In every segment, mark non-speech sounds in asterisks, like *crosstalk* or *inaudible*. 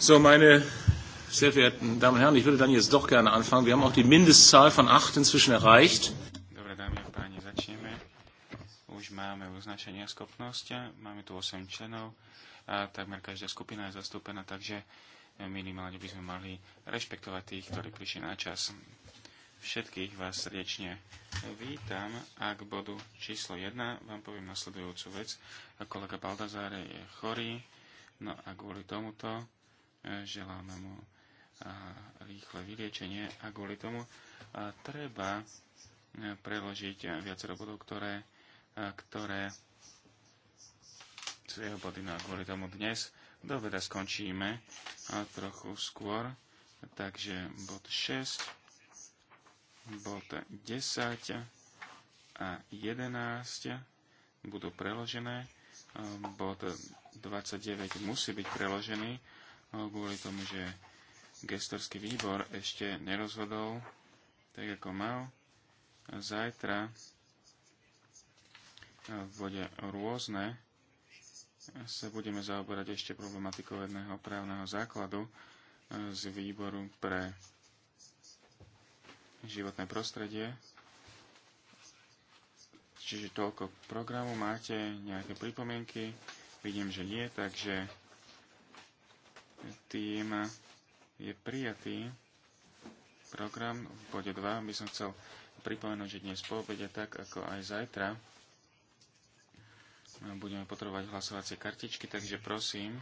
So, meine sehr verehrten Damen und Herren, ich würde dann jetzt doch gerne anfangen. Wir haben auch die Mindestzahl von acht inzwischen erreicht. dámy začneme. máme máme tu 8 členov a takmer každá skupina je zastúpená, takže minimálne by sme mali rešpektovať tých, ktorí prišli na čas. Všetkých vás srdečne vítam a k bodu číslo 1 vám poviem nasledujúcu vec. Kolega Baldazáre je chorý, no a kvôli tomuto E, želáme mu e, rýchle vyliečenie a kvôli tomu e, treba preložiť viacero bodov, ktoré, ktoré sú jeho body. No a kvôli tomu dnes do veda skončíme a trochu skôr. Takže bod 6, bod 10 a 11 budú preložené. Bod 29 musí byť preložený No, kvôli tomu, že gestorský výbor ešte nerozhodol tak, ako mal. Zajtra v bode rôzne sa budeme zaoberať ešte problematikou jedného právneho základu z výboru pre životné prostredie. Čiže toľko programu. Máte nejaké pripomienky? Vidím, že nie, takže tým je prijatý program. V bode 2 by som chcel pripomenúť, že dnes po obede, tak ako aj zajtra, budeme potrebovať hlasovacie kartičky, takže prosím,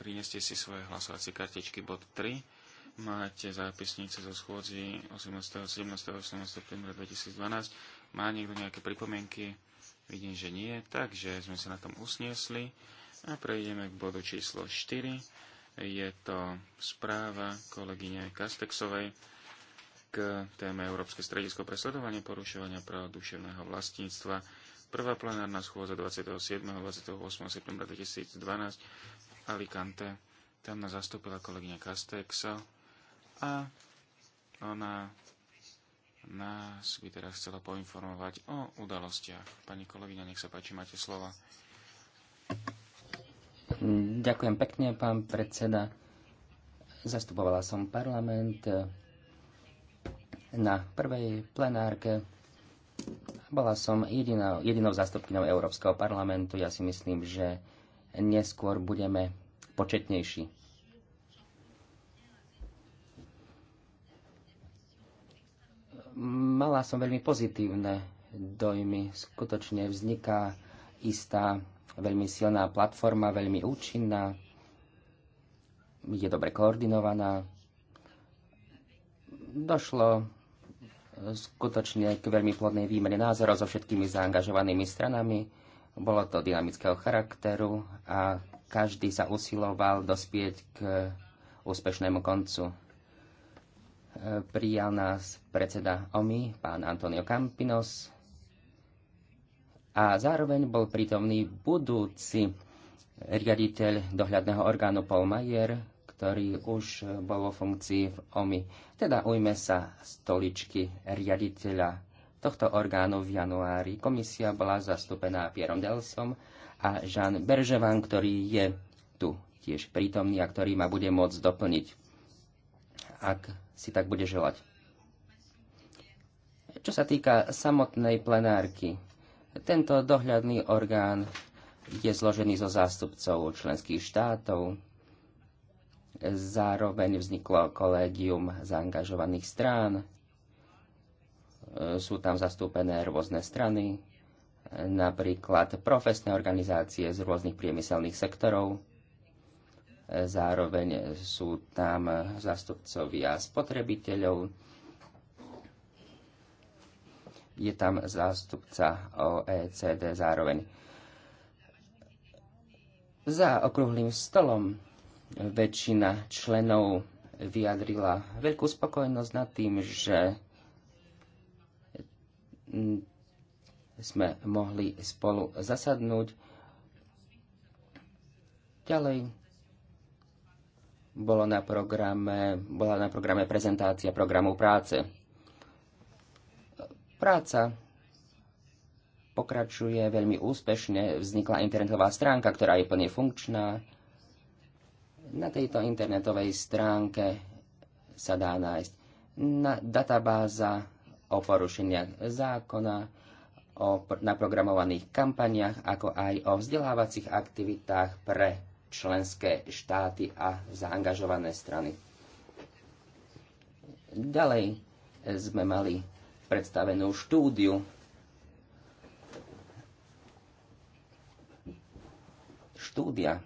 prineste si svoje hlasovacie kartičky bod 3. Máte zápisnice zo schôdzi 18. 17. 18. septembra 2012. Má niekto nejaké pripomienky? Vidím, že nie, takže sme sa na tom usniesli. A prejdeme k bodu číslo 4. Je to správa kolegyne Kastexovej k téme Európske stredisko pre sledovanie porušovania práv duševného vlastníctva. Prvá plenárna schôza 27. a 28. septembra 2012 v Alicante. Tam nás zastúpila kolegyňa Castexa a ona nás by teraz chcela poinformovať o udalostiach. Pani kolegyňa, nech sa páči, máte slova. Ďakujem pekne, pán predseda. Zastupovala som parlament eh, na prvej plenárke. Bola som jedinou, jedinou zástupkynou Európskeho parlamentu. Ja si myslím, že neskôr budeme početnejší. Mala som veľmi pozitívne dojmy. Skutočne vzniká istá veľmi silná platforma, veľmi účinná, je dobre koordinovaná. Došlo eh, skutočne k veľmi plodnej výmene názorov so všetkými zaangažovanými stranami. Bolo to dynamického charakteru a každý sa usiloval dospieť k úspešnému koncu. Eh, prijal nás predseda OMI, pán Antonio Campinos, a zároveň bol prítomný budúci riaditeľ dohľadného orgánu Paul Mayer, ktorý už bol vo funkcii v OMI. Teda ujme sa stoličky riaditeľa tohto orgánu v januári. Komisia bola zastúpená Pierom Delsom a Jean Berževan, ktorý je tu tiež prítomný a ktorý ma bude môcť doplniť, ak si tak bude želať. Čo sa týka samotnej plenárky, tento dohľadný orgán je zložený zo zástupcov členských štátov. Zároveň vzniklo kolégium zaangažovaných strán. Sú tam zastúpené rôzne strany, napríklad profesné organizácie z rôznych priemyselných sektorov. Zároveň sú tam zastupcovia spotrebiteľov, je tam zástupca OECD zároveň. Za okrúhlým stolom väčšina členov vyjadrila veľkú spokojnosť nad tým, že sme mohli spolu zasadnúť. Ďalej bolo na programe, bola na programe prezentácia programu práce. Práca pokračuje veľmi úspešne. Vznikla internetová stránka, ktorá je plne funkčná. Na tejto internetovej stránke sa dá nájsť na databáza o porušeniach zákona, o naprogramovaných kampaniach, ako aj o vzdelávacích aktivitách pre členské štáty a zaangažované strany. Ďalej sme mali predstavenú štúdiu. Štúdia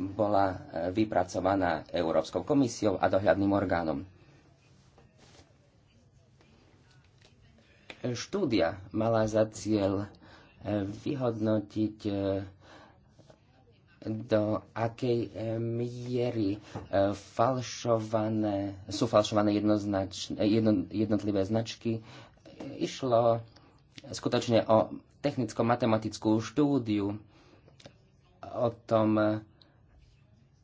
bola e, vypracovaná Európskou komisiou a dohľadným orgánom. Štúdia mala za cieľ e, vyhodnotiť e, do akej e, miery e, falšované, sú falšované jedno, jednotlivé značky. Išlo skutočne o technicko-matematickú štúdiu o tom,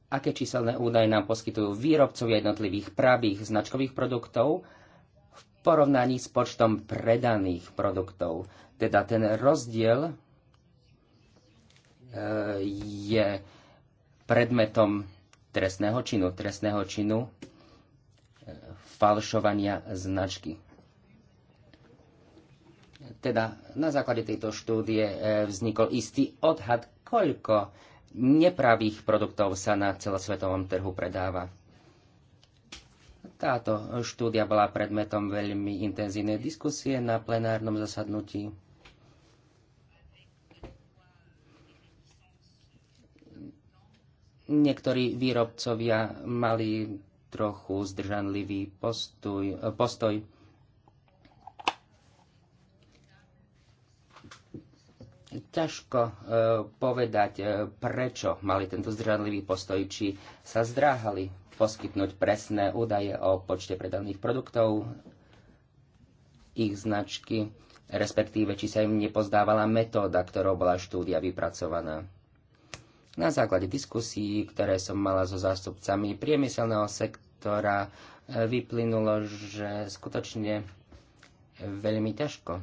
aké číselné údaje nám poskytujú výrobcovia jednotlivých pravých značkových produktov v porovnaní s počtom predaných produktov. Teda ten rozdiel je predmetom trestného činu, trestného činu e, falšovania značky. Teda na základe tejto štúdie e, vznikol istý odhad, koľko nepravých produktov sa na celosvetovom trhu predáva. Táto štúdia bola predmetom veľmi intenzívnej diskusie na plenárnom zasadnutí Niektorí výrobcovia mali trochu zdržanlivý postoj, postoj. Ťažko e, povedať, e, prečo mali tento zdržanlivý postoj, či sa zdráhali poskytnúť presné údaje o počte predaných produktov, ich značky, respektíve či sa im nepozdávala metóda, ktorou bola štúdia vypracovaná na základe diskusí, ktoré som mala so zástupcami priemyselného sektora, e, vyplynulo, že skutočne veľmi ťažko e,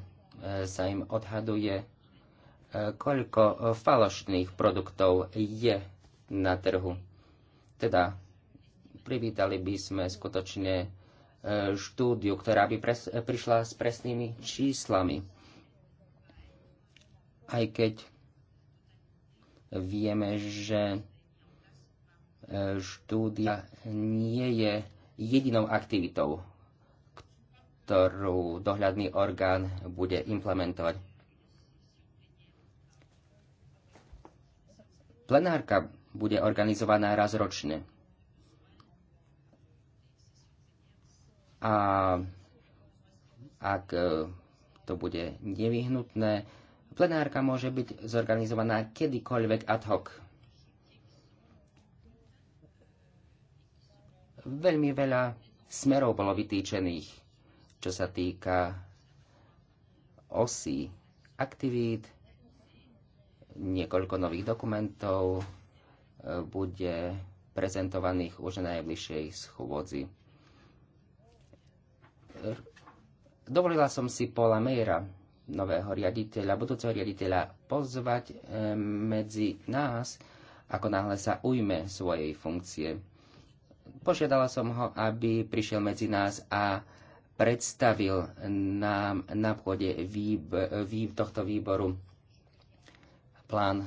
sa im odhaduje, e, koľko falošných produktov je na trhu. Teda privítali by sme skutočne štúdiu, ktorá by pres, prišla s presnými číslami. Aj keď Vieme, že e, štúdia nie je jedinou aktivitou, ktorú dohľadný orgán bude implementovať. Plenárka bude organizovaná raz ročne. A ak e, to bude nevyhnutné, Plenárka môže byť zorganizovaná kedykoľvek ad hoc. Veľmi veľa smerov bolo vytýčených, čo sa týka osí aktivít, niekoľko nových dokumentov e, bude prezentovaných už na najbližšej schôdzi. Dovolila som si Paula Mayera, nového riaditeľa, budúceho riaditeľa pozvať eh, medzi nás, ako náhle sa ujme svojej funkcie. Požiadala som ho, aby prišiel medzi nás a predstavil nám na pôde výb- tohto výboru plán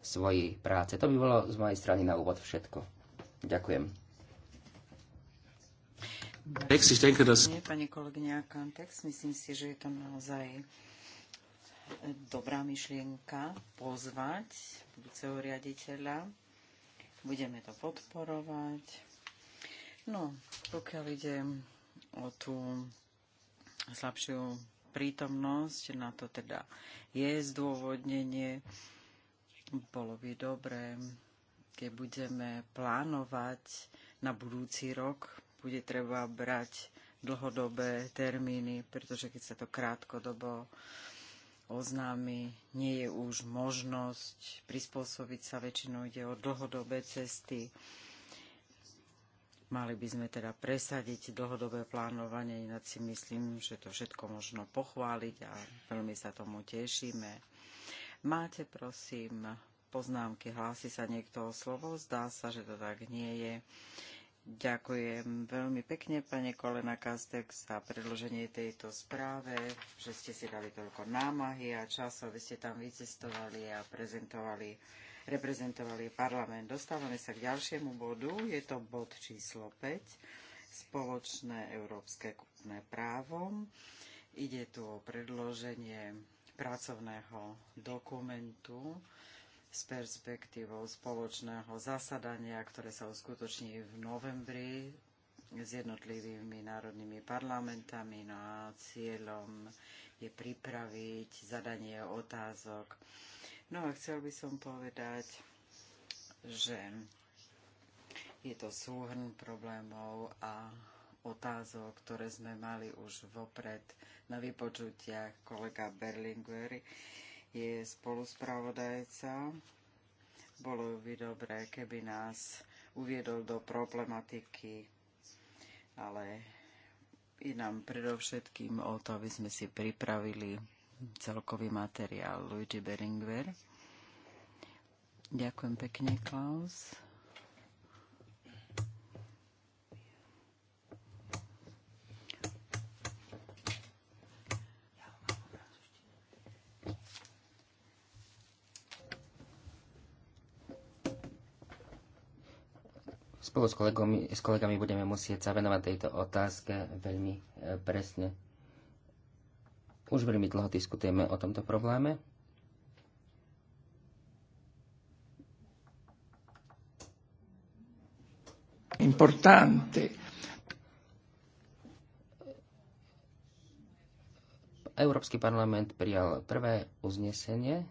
svojej práce. To by bolo z mojej strany na úvod všetko. Ďakujem. Ďakujem, pani kolegyňa Kantex. Myslím si, že je to naozaj dobrá myšlienka pozvať budúceho riaditeľa. Budeme to podporovať. No, pokiaľ ide o tú slabšiu prítomnosť, na to teda je zdôvodnenie. Bolo by dobré, keď budeme plánovať na budúci rok bude treba brať dlhodobé termíny, pretože keď sa to krátkodobo oznámi, nie je už možnosť prispôsobiť sa, väčšinou ide o dlhodobé cesty. Mali by sme teda presadiť dlhodobé plánovanie, inak si myslím, že to všetko možno pochváliť a veľmi sa tomu tešíme. Máte, prosím, poznámky, hlási sa niekto o slovo? Zdá sa, že to tak nie je. Ďakujem veľmi pekne, pani Kolena Kastek, za predloženie tejto správe, že ste si dali toľko námahy a času, aby ste tam vycestovali a prezentovali, reprezentovali parlament. Dostávame sa k ďalšiemu bodu, je to bod číslo 5, spoločné európske kupné právo. Ide tu o predloženie pracovného dokumentu s perspektívou spoločného zasadania, ktoré sa uskutoční v novembri s jednotlivými národnými parlamentami. No a cieľom je pripraviť zadanie otázok. No a chcel by som povedať, že je to súhrn problémov a otázok, ktoré sme mali už vopred na vypočutiach kolega Berlingueri je spoluspravodajca. Bolo by dobré, keby nás uviedol do problematiky, ale i nám predovšetkým o to, aby sme si pripravili celkový materiál Luigi Beringer. Ďakujem pekne, Klaus. Spolu s, kolegami, s kolegami budeme musieť sa venovať tejto otázke veľmi e, presne. Už veľmi dlho diskutujeme o tomto probléme. Importante. Európsky parlament prijal prvé uznesenie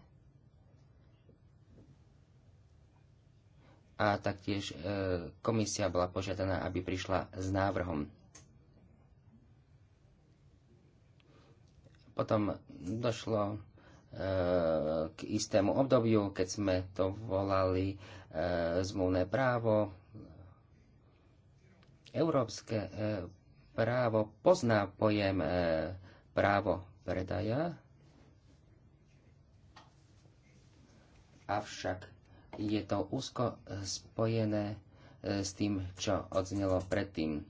a taktiež e, komisia bola požiadaná, aby prišla s návrhom. Potom došlo e, k istému obdobiu, keď sme to volali e, zmluvné právo. Európske právo pozná pojem právo predaja, avšak je to úzko spojené e, s tým, čo odznelo predtým.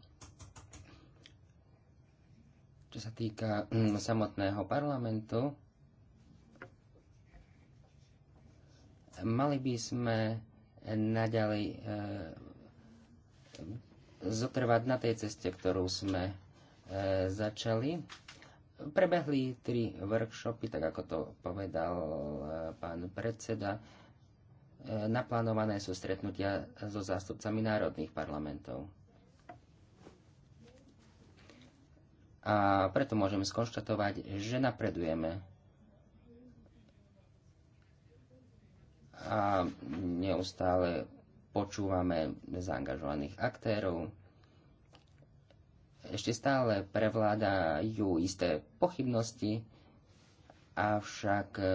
Čo sa týka mm, samotného parlamentu, mali by sme naďalej e, zotrvať na tej ceste, ktorú sme e, začali. Prebehli tri workshopy, tak ako to povedal pán predseda E, naplánované sú stretnutia so zástupcami národných parlamentov. A preto môžeme skonštatovať, že napredujeme. A neustále počúvame zaangažovaných aktérov. Ešte stále prevládajú isté pochybnosti, avšak e,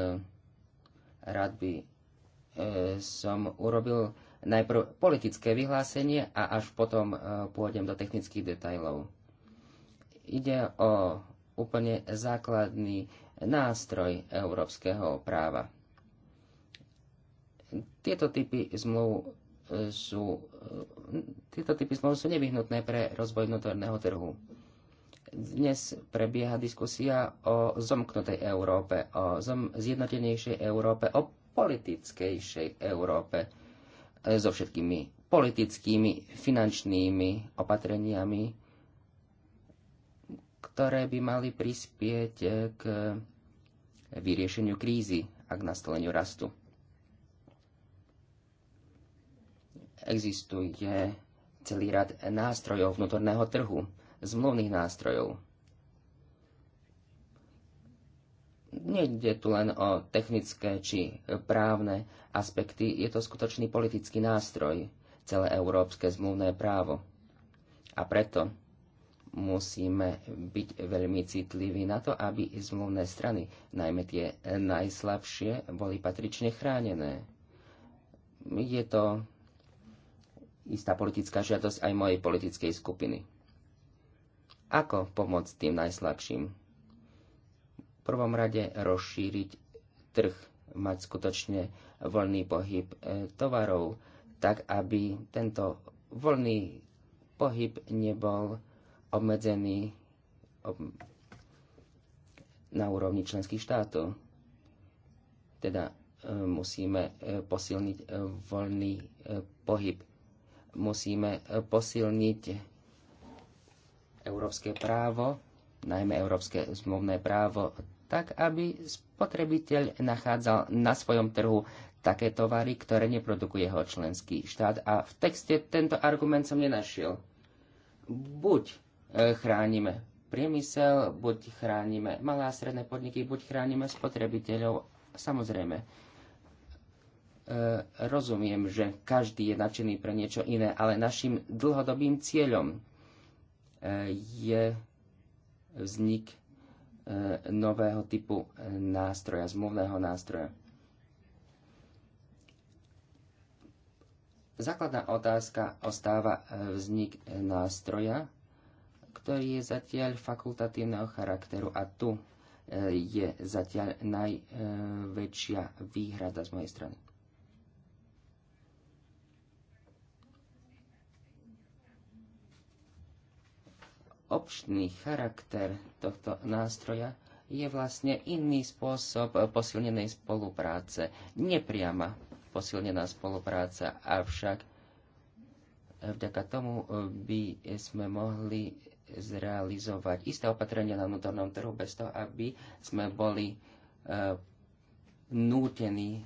rád by E, som urobil najprv politické vyhlásenie a až potom e, pôjdem do technických detajlov. Ide o úplne základný nástroj európskeho práva. Tieto typy zmluv e, sú, tieto typy zmluv sú nevyhnutné pre rozvoj vnútorného trhu. Dnes prebieha diskusia o zomknutej Európe, o zjednotenejšej Európe, o politickejšej Európe e, so všetkými politickými, finančnými opatreniami, ktoré by mali prispieť e, k vyriešeniu krízy a k nastoleniu rastu. Existuje celý rad nástrojov vnútorného trhu, zmluvných nástrojov, nejde tu len o technické či právne aspekty, je to skutočný politický nástroj, celé európske zmluvné právo. A preto musíme byť veľmi citliví na to, aby zmluvné strany, najmä tie najslabšie, boli patrične chránené. Je to istá politická žiadosť aj mojej politickej skupiny. Ako pomôcť tým najslabším? prvom rade rozšíriť trh, mať skutočne voľný pohyb e, tovarov, tak aby tento voľný pohyb nebol obmedzený na úrovni členských štátov. Teda e, musíme e, posilniť voľný pohyb. Musíme posilniť európske právo, najmä európske zmluvné právo tak aby spotrebiteľ nachádzal na svojom trhu také tovary, ktoré neprodukuje jeho členský štát. A v texte tento argument som nenašiel. Buď e, chránime priemysel, buď chránime malé a stredné podniky, buď chránime spotrebiteľov. Samozrejme, e, rozumiem, že každý je nadšený pre niečo iné, ale našim dlhodobým cieľom e, je vznik E, nového typu e, nástroja, zmluvného nástroja. Základná otázka ostáva e, vznik nástroja, ktorý je zatiaľ fakultatívneho charakteru a tu je zatiaľ najväčšia výhrada z mojej strany. Občný charakter tohto nástroja je vlastne iný spôsob posilnenej spolupráce. Nepriama posilnená spolupráca, avšak vďaka tomu eh, by sme mohli zrealizovať isté opatrenia na vnútornom trhu bez toho, aby sme boli eh, nútení eh,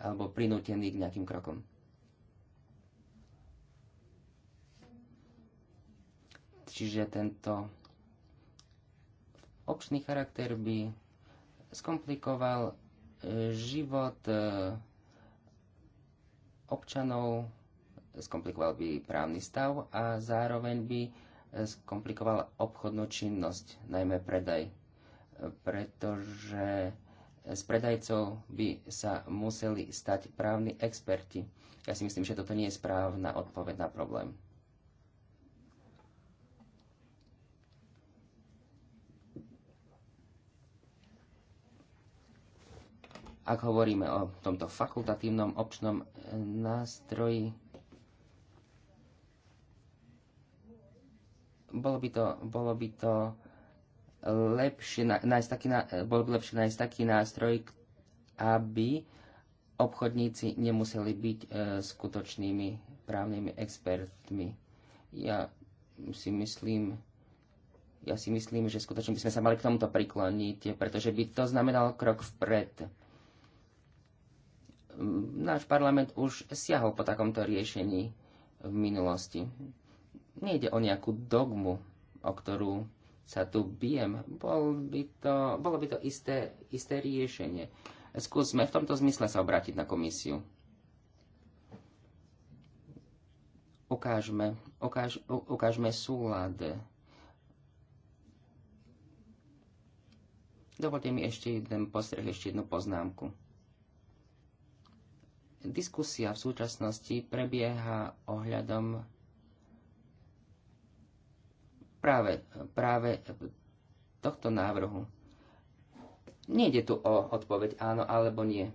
alebo prinútení k nejakým krokom. Čiže tento občný charakter by skomplikoval e, život e, občanov, skomplikoval by právny stav a zároveň by e, skomplikoval obchodnú činnosť, najmä predaj, pretože s predajcov by sa museli stať právni experti. Ja si myslím, že toto nie je správna odpoveď na problém. Ak hovoríme o tomto fakultatívnom občnom eh, nástroji, bolo by to, bolo by to lepšie, nájsť taký, eh, bolo by lepšie nájsť taký nástroj, aby obchodníci nemuseli byť e, skutočnými právnymi expertmi. Ja si myslím, ja si myslím, že skutočne by sme sa mali k tomuto prikloniť, pretože by to znamenalo krok vpred náš parlament už siahol po takomto riešení v minulosti. Nejde o nejakú dogmu, o ktorú sa tu bijem. Bol by to, bolo by to isté, isté riešenie. Skúsme v tomto zmysle sa obrátiť na komisiu. Ukážme, ukáž, ukážme súlad. Dovolte mi ešte jeden postreh, ešte jednu poznámku. Diskusia v súčasnosti prebieha ohľadom práve, práve tohto návrhu. Nejde tu o odpoveď áno alebo nie.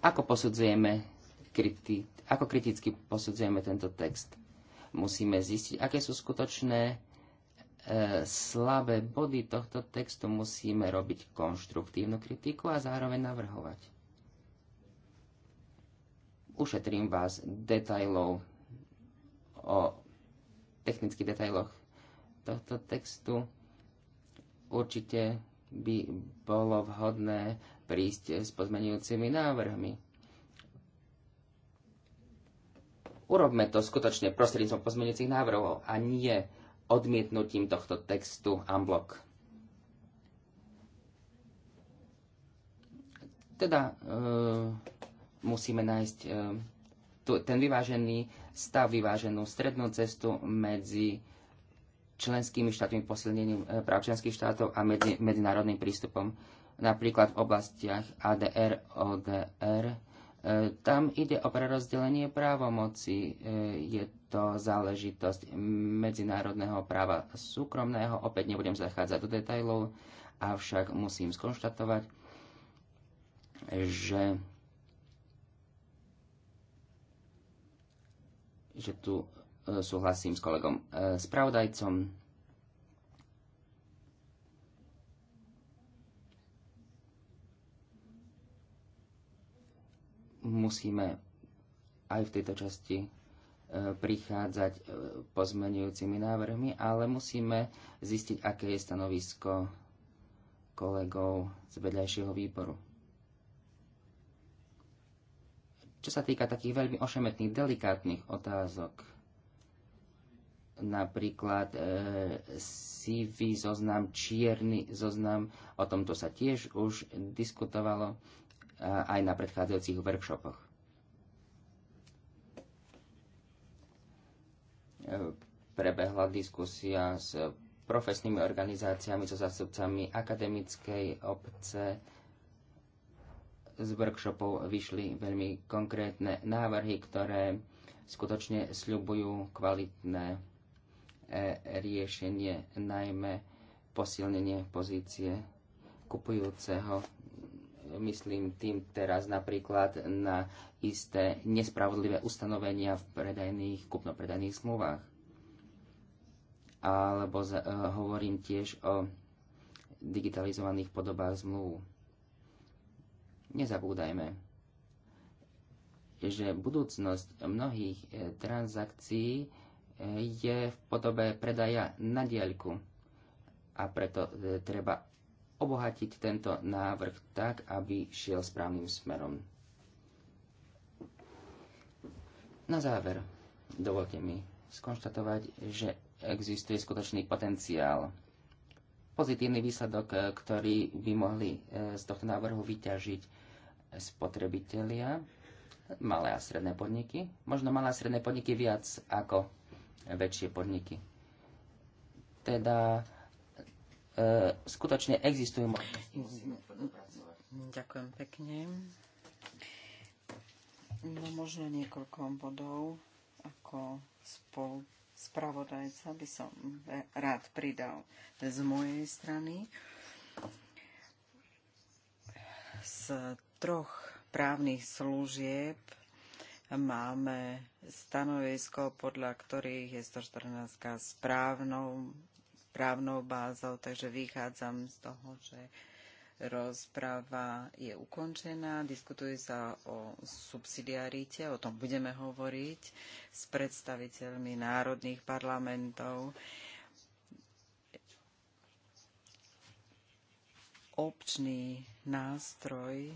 Ako posudzujeme kriti- ako kriticky posudzujeme tento text? Musíme zistiť, aké sú skutočné E, slabé body tohto textu musíme robiť konštruktívnu kritiku a zároveň navrhovať. Ušetrím vás detajlov o technických detailoch tohto textu. Určite by bolo vhodné prísť s pozmenujúcimi návrhmi. Urobme to skutočne prostredníctvom pozmenujúcich návrhov a nie odmietnutím tohto textu unblock. Teda e, musíme nájsť e, tu, ten vyvážený stav, vyváženú strednú cestu medzi členskými štátmi, posilnením e, práv členských štátov a medzi, medzinárodným prístupom, napríklad v oblastiach ADR, ODR, tam ide o prerozdelenie právomoci. E, je to záležitosť medzinárodného práva súkromného. Opäť nebudem zachádzať do detajlov, avšak musím skonštatovať, že, že tu e, súhlasím s kolegom e, spravodajcom musíme aj v tejto časti e, prichádzať e, pozmenujúcimi návrhmi, ale musíme zistiť, aké je stanovisko kolegov z vedľajšieho výboru. Čo sa týka takých veľmi ošemetných, delikátnych otázok, napríklad e, sivý zoznam, čierny zoznam, o tomto sa tiež už diskutovalo. Eh, aj na predchádzajúcich workshopoch. Eh, prebehla diskusia s profesnými organizáciami, so zástupcami akademickej obce. Z workshopov vyšli veľmi konkrétne návrhy, ktoré skutočne sľubujú kvalitné eh, riešenie, najmä posilnenie pozície kupujúceho Myslím tým teraz napríklad na isté nespravodlivé ustanovenia v predajných, kupno-predajných zmluvách. Alebo za, uh, hovorím tiež o digitalizovaných podobách zmluv. Nezabúdajme, že budúcnosť mnohých e, transakcií e, je v podobe predaja na diaľku a preto treba obohatiť tento návrh tak, aby šiel správnym smerom. Na záver, dovolte mi skonštatovať, že existuje skutočný potenciál. Pozitívny výsledok, ktorý by mohli e, z tohto návrhu vyťažiť spotrebitelia, malé a stredné podniky, možno malé a stredné podniky viac ako väčšie podniky. Teda E, skutočne existujú Ďakujem pekne. No možno niekoľko bodov ako spolu spravodajca by som rád pridal z mojej strany. Z troch právnych služieb máme stanovisko, podľa ktorých je 114 správnou právnou bázou, takže vychádzam z toho, že rozpráva je ukončená, diskutuje sa o subsidiarite, o tom budeme hovoriť s predstaviteľmi národných parlamentov. Občný nástroj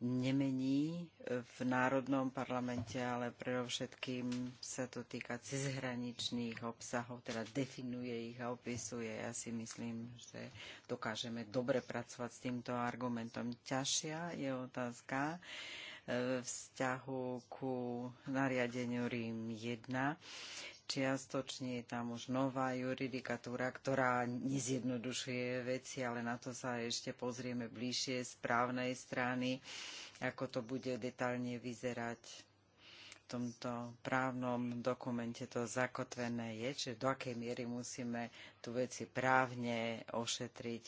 nemení v Národnom parlamente, ale predovšetkým sa to týka cezhraničných obsahov, teda definuje ich a opisuje. Ja si myslím, že dokážeme dobre pracovať s týmto argumentom. Ťažšia je otázka e, vzťahu ku nariadeniu Rím 1 čiastočne je tam už nová juridikatúra, ktorá nezjednodušuje veci, ale na to sa ešte pozrieme bližšie z právnej strany, ako to bude detálne vyzerať. V tomto právnom dokumente to zakotvené je, čiže do akej miery musíme tu veci právne ošetriť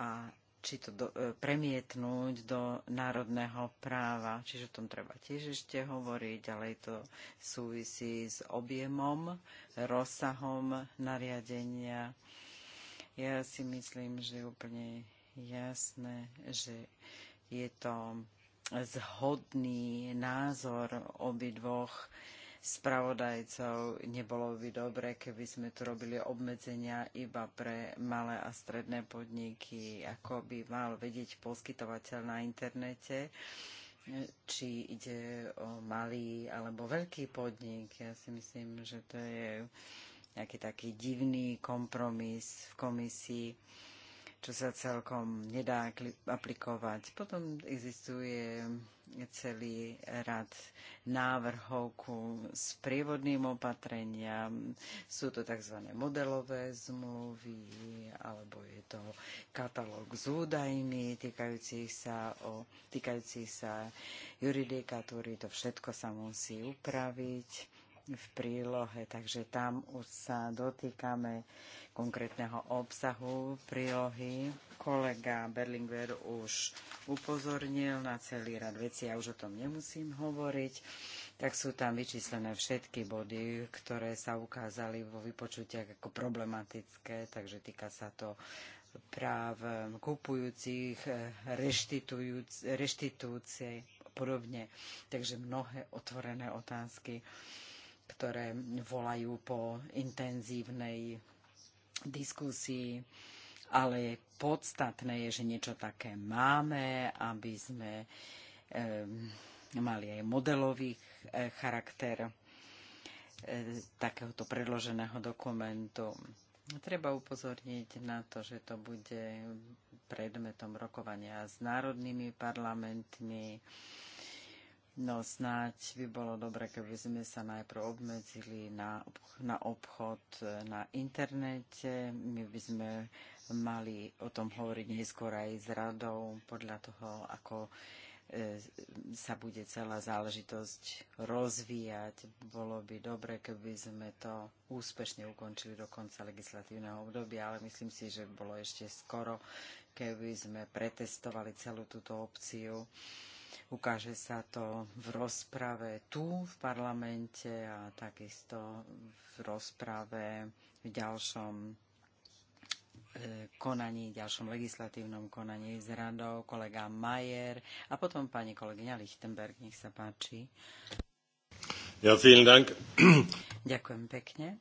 a či to do, e, premietnúť do národného práva. Čiže o tom treba tiež ešte hovoriť, ale to súvisí s objemom, rozsahom nariadenia. Ja si myslím, že je úplne jasné, že je to zhodný názor obidvoch dvoch spravodajcov. Nebolo by dobre, keby sme tu robili obmedzenia iba pre malé a stredné podniky, ako by mal vedieť poskytovateľ na internete či ide o malý alebo veľký podnik. Ja si myslím, že to je nejaký taký divný kompromis v komisii, čo sa celkom nedá aplikovať. Potom existuje celý rad návrhov ku sprievodným opatreniam. Sú to tzv. modelové zmluvy, alebo je to katalóg s údajmi týkajúcich sa, o, týkajúcich sa juridikatúry. To všetko sa musí upraviť v prílohe, takže tam už sa dotýkame konkrétneho obsahu prílohy Kolega Berlinguer už upozornil na celý rad veci, ja už o tom nemusím hovoriť tak sú tam vyčíslené všetky body, ktoré sa ukázali vo vypočutiach ako problematické, takže týka sa to práv kupujúcich, reštitúcie a podobne. Takže mnohé otvorené otázky, ktoré volajú po intenzívnej diskusii ale podstatné je, že niečo také máme, aby sme mali aj modelový e, charakter e, takéhoto predloženého dokumentu. Treba upozorniť na to, že to bude predmetom rokovania s národnými parlamentmi. No snáď by bolo dobre, keby sme sa najprv obmedzili na, na obchod e, na internete. My by sme mali o tom hovoriť neskôr aj s radou podľa toho, ako e, sa bude celá záležitosť rozvíjať. Bolo by dobre, keby sme to úspešne ukončili do konca legislatívneho obdobia, ale myslím si, že bolo ešte skoro, keby sme pretestovali celú túto opciu. Ukáže sa to v rozprave tu v parlamente a takisto v rozprave v ďalšom E, konaní, ďalšom legislatívnom konaní s radou, kolega Majer a potom pani kolegyňa Lichtenberg, nech sa páči. Ja, dank. Ďakujem pekne.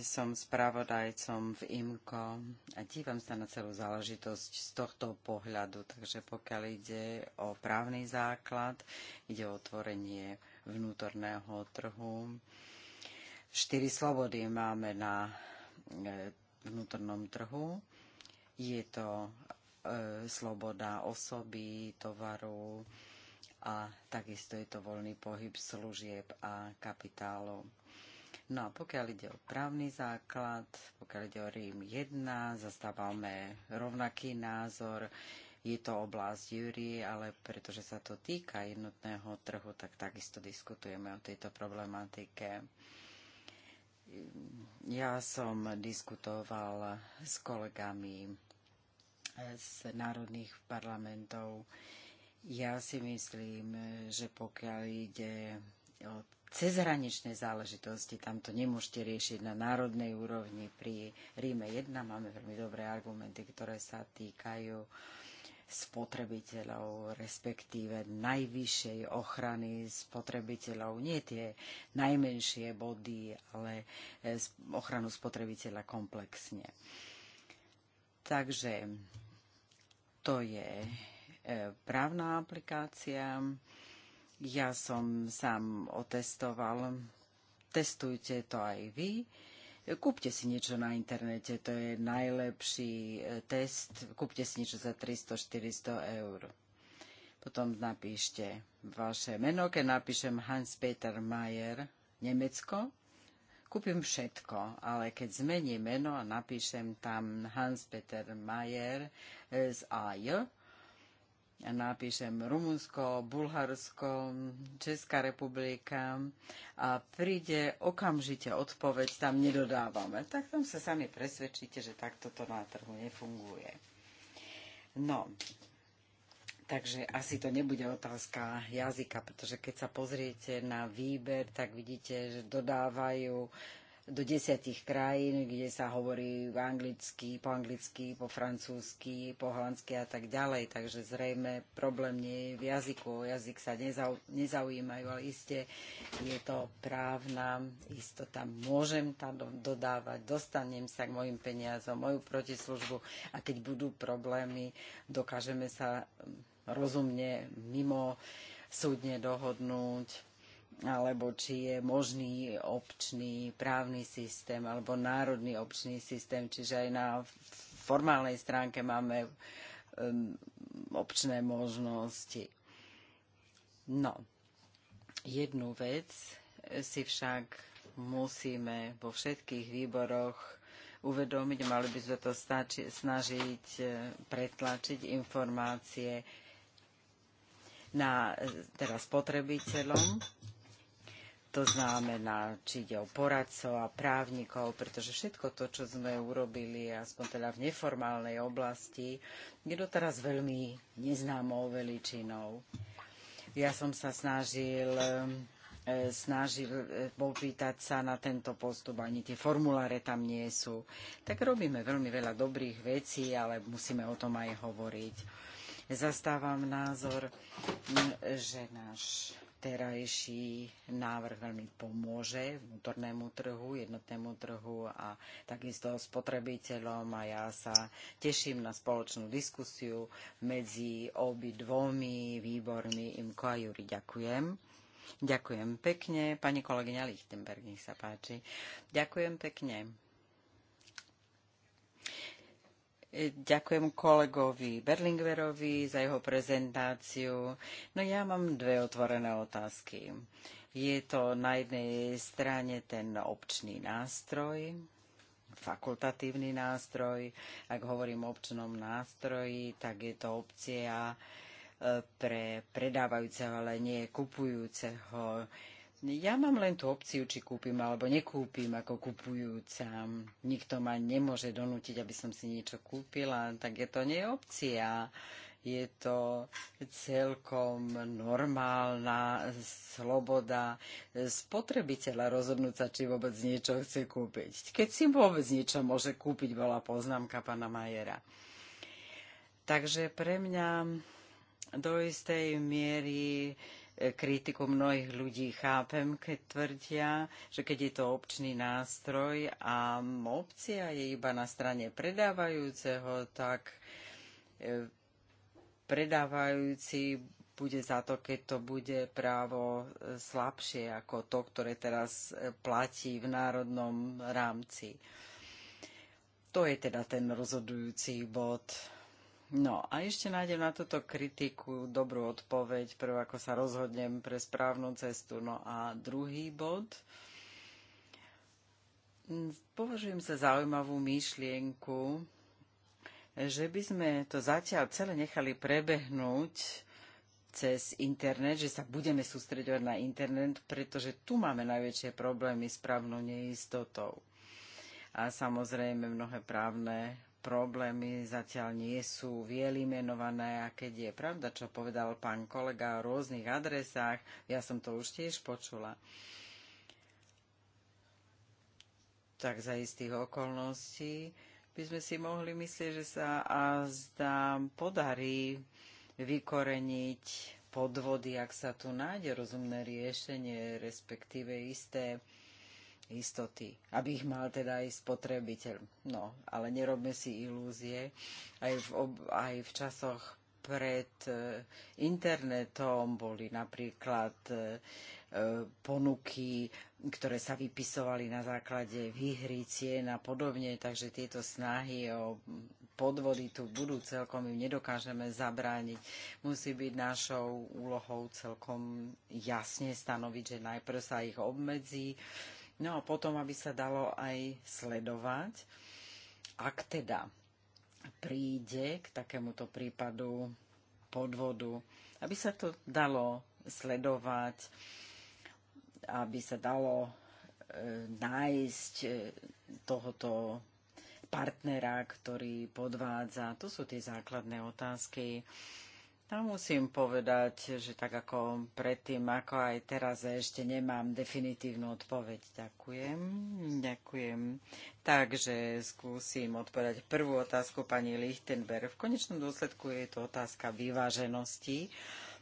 Som spravodajcom v IMCO a dívam sa na celú záležitosť z tohto pohľadu. Takže pokiaľ ide o právny základ, ide o otvorenie vnútorného trhu. Štyri slobody máme na e, vnútornom trhu. Je to e, sloboda osoby, tovaru a takisto je to voľný pohyb služieb a kapitálu. No a pokiaľ ide o právny základ, pokiaľ ide o Rím 1, zastávame rovnaký názor. Je to oblasť Júri, ale pretože sa to týka jednotného trhu, tak takisto diskutujeme o tejto problematike ja som diskutoval s kolegami z národných parlamentov. Ja si myslím, že pokiaľ ide o cezhraničné záležitosti, tam to nemôžete riešiť na národnej úrovni. Pri Ríme 1 máme veľmi dobré argumenty, ktoré sa týkajú uh, spotrebiteľov, respektíve najvyššej ochrany spotrebiteľov. Nie tie najmenšie body, ale e, ochranu spotrebiteľa komplexne. Takže to je e, právna aplikácia. Ja som sám otestoval. Testujte to aj vy. Kúpte si niečo na internete, to je najlepší eh, test. Kúpte si niečo za 300-400 eur. Potom napíšte vaše meno, keď napíšem Hans-Peter Mayer, Nemecko, kúpim všetko, ale keď zmením meno a napíšem tam Hans-Peter Mayer z eh, AJ, napíšem Rumunsko, Bulharsko, Česká republika a príde okamžite odpoveď, tam nedodávame. Tak tam sa sami presvedčíte, že takto to na trhu nefunguje. No, takže asi to nebude otázka jazyka, pretože keď sa pozriete na výber, tak vidíte, že dodávajú do desiatich krajín, kde sa hovorí anglicky, po anglicky, po francúzsky, po holandsky a tak ďalej. Takže zrejme problém nie je v jazyku. O jazyk sa nezau, nezaujímajú, ale iste je to právna istota. Môžem tam dodávať, dostanem sa k mojim peniazom, moju protislužbu a keď budú problémy, dokážeme sa hm, rozumne mimo súdne dohodnúť alebo či je možný občný právny systém alebo národný občný systém. Čiže aj na formálnej stránke máme um, občné možnosti. No, jednu vec si však musíme vo všetkých výboroch uvedomiť, mali by sme to stači, snažiť e, pretlačiť informácie na e, teraz spotrebiteľom to znamená, či ide o poradcov a právnikov, pretože všetko to, čo sme urobili, aspoň teda v neformálnej oblasti, je doteraz veľmi neznámou veličinou. Ja som sa snažil e, snažil e, popýtať sa na tento postup, ani tie formuláre tam nie sú. Tak robíme veľmi veľa dobrých vecí, ale musíme o tom aj hovoriť. Zastávam názor, že náš terajší návrh veľmi pomôže vnútornému trhu, jednotnému trhu a takisto spotrebiteľom a ja sa teším na spoločnú diskusiu medzi obi dvomi výbormi Imko a Juri. Ďakujem. Ďakujem pekne. Pani kolegyňa Lichtenberg, nech sa páči. Ďakujem pekne. Ďakujem kolegovi Berlingverovi za jeho prezentáciu. No ja mám dve otvorené otázky. Je to na jednej strane ten občný nástroj, fakultatívny nástroj. Ak hovorím o občnom nástroji, tak je to opcia eh, pre predávajúceho, ale nie kupujúceho ja mám len tú opciu, či kúpim alebo nekúpim ako kupujúca. Nikto ma nemôže donútiť, aby som si niečo kúpila, tak je to nie opcia. Je to celkom normálna sloboda spotrebiteľa rozhodnúť sa, či vôbec niečo chce kúpiť. Keď si vôbec niečo môže kúpiť, bola poznámka pana Majera. Takže pre mňa do istej miery E, kritiku mnohých ľudí. Chápem, keď tvrdia, že keď je to občný nástroj a opcia je iba na strane predávajúceho, tak e, predávajúci bude za to, keď to bude právo e, slabšie ako to, ktoré teraz platí v národnom rámci. To je teda ten rozhodujúci bod No a ešte nájdem na túto kritiku dobrú odpoveď, prv ako sa rozhodnem pre správnu cestu. No a druhý bod. Považujem sa zaujímavú myšlienku, že by sme to zatiaľ celé nechali prebehnúť cez internet, že sa budeme sústreďovať na internet, pretože tu máme najväčšie problémy s právnou neistotou. A samozrejme mnohé právne problémy zatiaľ nie sú vyeliminované a keď je pravda, čo povedal pán kolega o rôznych adresách, ja som to už tiež počula, tak za istých okolností by sme si mohli myslieť, že sa a zdá podarí vykoreniť podvody, ak sa tu nájde rozumné riešenie, respektíve isté istoty, aby ich mal teda aj spotrebiteľ. No, ale nerobme si ilúzie. Aj v, aj v časoch pred e, internetom boli napríklad e, e, ponuky, ktoré sa vypisovali na základe výhry cien a podobne, takže tieto snahy o podvody tu budú celkom, im nedokážeme zabrániť. Musí byť našou úlohou celkom jasne stanoviť, že najprv sa ich obmedzí, No a potom, aby sa dalo aj sledovať, ak teda príde k takémuto prípadu podvodu, aby sa to dalo sledovať, aby sa dalo e, nájsť e, tohoto partnera, ktorý podvádza. To sú tie základné otázky. No musím povedať, že tak ako predtým, ako aj teraz, ešte nemám definitívnu odpoveď. Ďakujem. Ďakujem. Takže skúsim odpovedať prvú otázku pani Lichtenberg. V konečnom dôsledku je to otázka vyváženosti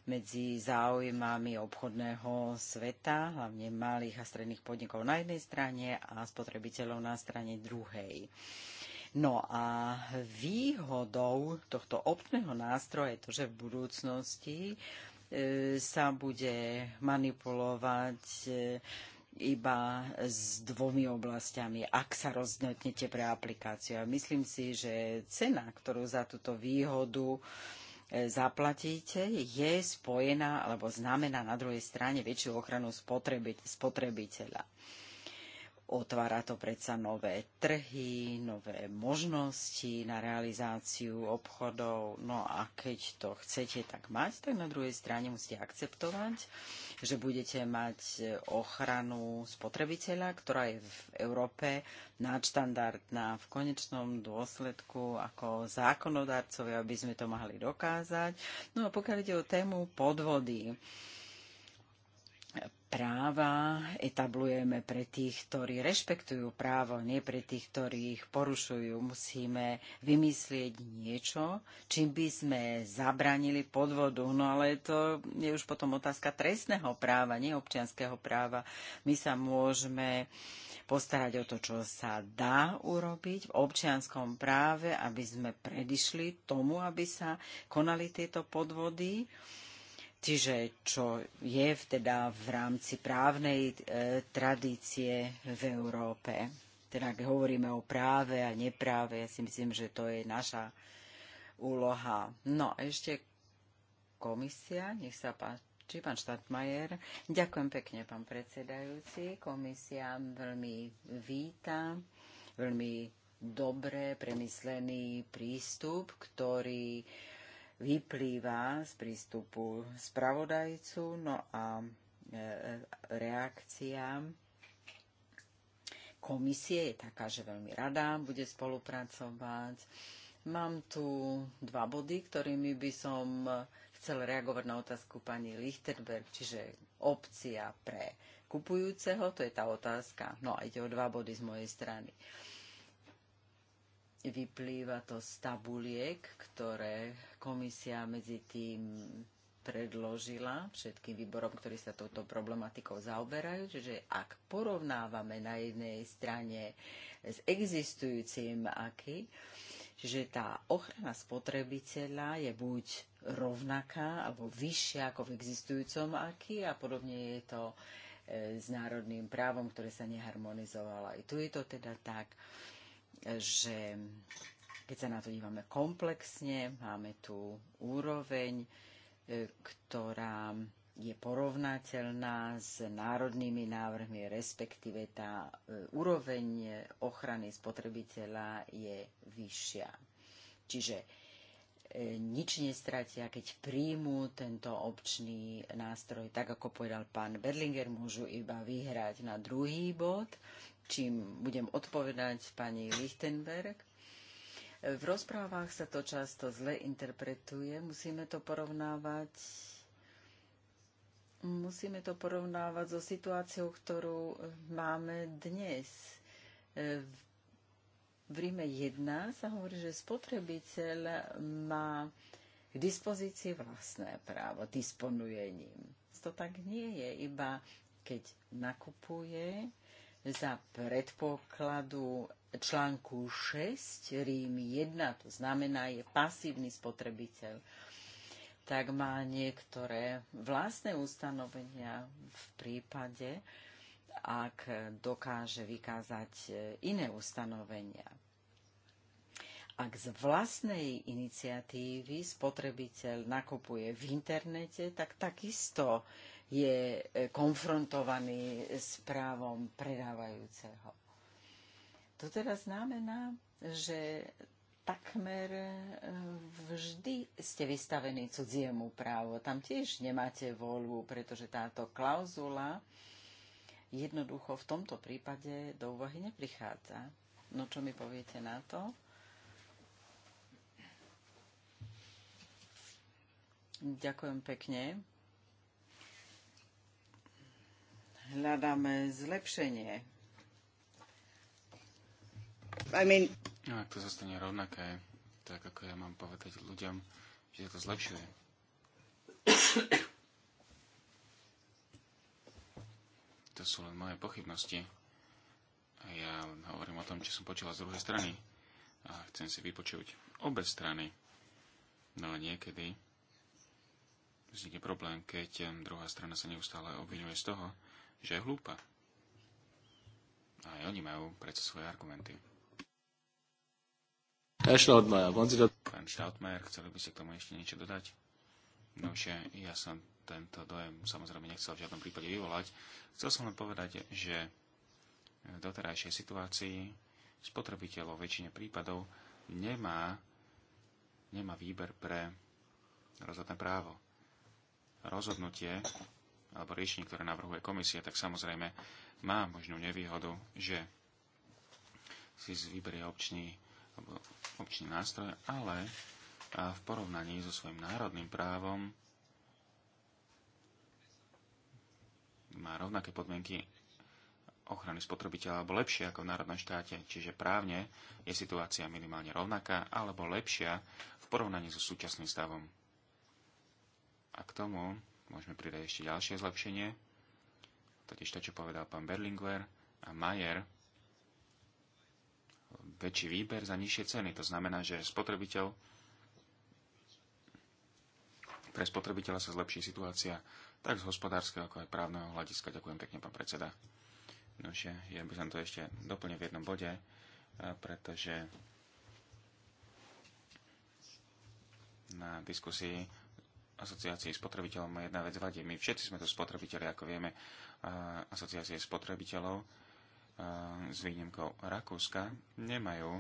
medzi záujmami obchodného sveta, hlavne malých a stredných podnikov na jednej strane a spotrebiteľov na strane druhej. Uh, No a výhodou tohto optného nástroja je to, že v budúcnosti e, sa bude manipulovať e, iba s dvomi oblastiami, ak sa rozhodnete pre aplikáciu. A myslím si, že cena, ktorú za túto výhodu e, zaplatíte, je spojená alebo znamená na druhej strane väčšiu ochranu spotrebiteľa. Otvára to predsa nové trhy, nové možnosti na realizáciu obchodov. No a keď to chcete tak mať, tak na druhej strane musíte akceptovať, že budete mať ochranu spotrebiteľa, ktorá je v Európe nadštandardná. V konečnom dôsledku ako zákonodarcovia by sme to mohli dokázať. No a pokiaľ ide o tému podvody, práva etablujeme pre tých, ktorí rešpektujú právo, nie pre tých, ktorí ich porušujú. Musíme vymyslieť niečo, čím by sme zabranili podvodu. No ale to je už potom otázka trestného práva, nie občianského práva. My sa môžeme postarať o to, čo sa dá urobiť v občianskom práve, aby sme predišli tomu, aby sa konali tieto podvody Čiže čo je teda v rámci právnej e, tradície v Európe. Teda ak hovoríme o práve a nepráve, ja si myslím, že to je naša úloha. No a ešte komisia, nech sa páči, pán Štatmajer. Ďakujem pekne, pán predsedajúci. Komisia veľmi víta, veľmi dobre premyslený prístup, ktorý vyplýva z prístupu spravodajcu, no a e, reakcia komisie je taká, že veľmi rada bude spolupracovať. Mám tu dva body, ktorými by som chcel reagovať na otázku pani Lichtenberg, čiže opcia pre kupujúceho, to je tá otázka. No a ide o dva body z mojej strany. Vyplýva to z tabuliek, ktoré komisia medzi tým predložila všetkým výborom, ktorí sa touto problematikou zaoberajú. Čiže ak porovnávame na jednej strane s existujúcim aký, že tá ochrana spotrebiteľa je buď rovnaká alebo vyššia ako v existujúcom aký a podobne je to e, s národným právom, ktoré sa neharmonizovalo. I tu je to teda tak že keď sa na to dívame komplexne, máme tu úroveň, e, ktorá je porovnateľná s národnými návrhmi, respektíve tá e, úroveň ochrany spotrebiteľa je vyššia. Čiže e, nič nestratia, keď príjmu tento občný nástroj, tak ako povedal pán Berlinger, môžu iba vyhrať na druhý bod čím budem odpovedať pani Lichtenberg. V rozprávach sa to často zle interpretuje, musíme to porovnávať musíme to porovnávať so situáciou, ktorú máme dnes. V Ríme 1 sa hovorí, že spotrebiteľ má k dispozícii vlastné právo, disponuje ním. To tak nie je, iba keď nakupuje, za predpokladu článku 6 Rím 1, to znamená je pasívny spotrebiteľ, tak má niektoré vlastné ustanovenia v prípade, ak dokáže vykázať e, iné ustanovenia. Ak z vlastnej iniciatívy spotrebiteľ nakupuje v internete, tak takisto je e, konfrontovaný s právom predávajúceho. To teda znamená, že takmer e, vždy ste vystavení cudziemu právu. Tam tiež nemáte voľu, pretože táto klauzula jednoducho v tomto prípade do úvahy neprichádza. No čo mi poviete na to? Ďakujem pekne. hľadáme zlepšenie. I mean... No, ak to zostane rovnaké, tak ako ja mám povedať ľuďom, že to zlepšuje. to sú len moje pochybnosti. A ja hovorím o tom, čo som počula z druhej strany. A chcem si vypočuť obe strany. No ale niekedy vznikne problém, keď druhá strana sa neustále obvinuje z toho, že je hlúpa. A aj oni majú predsa svoje argumenty. Herr Schnautmeier, wollen Sie da... Pán Schnautmeier, chceli by ste k tomu ešte niečo dodať? No že ja som tento dojem samozrejme nechcel v žiadnom prípade vyvolať. Chcel som len povedať, že v doterajšej situácii spotrebiteľ vo väčšine prípadov nemá, nemá výber pre rozhodné právo. Rozhodnutie alebo riešenie, ktoré navrhuje komisia, tak samozrejme má možnú nevýhodu, že si vyberie občný, občný nástroj, ale a v porovnaní so svojim národným právom má rovnaké podmienky ochrany spotrebiteľa alebo lepšie ako v národnom štáte. Čiže právne je situácia minimálne rovnaká alebo lepšia v porovnaní so súčasným stavom. A k tomu môžeme pridať ešte ďalšie zlepšenie. Totiž to, čo povedal pán Berlinguer a Mayer, väčší výber za nižšie ceny. To znamená, že spotrebiteľ pre spotrebiteľa sa zlepší situácia tak z hospodárskeho, ako aj právneho hľadiska. Ďakujem pekne, pán predseda. Nože, ja by som to ešte doplnil v jednom bode, pretože na diskusii asociácie spotrebiteľov ma jedna vec vadí. My všetci sme to spotrebiteľi, ako vieme, asociácie spotrebiteľov s výnimkou Rakúska nemajú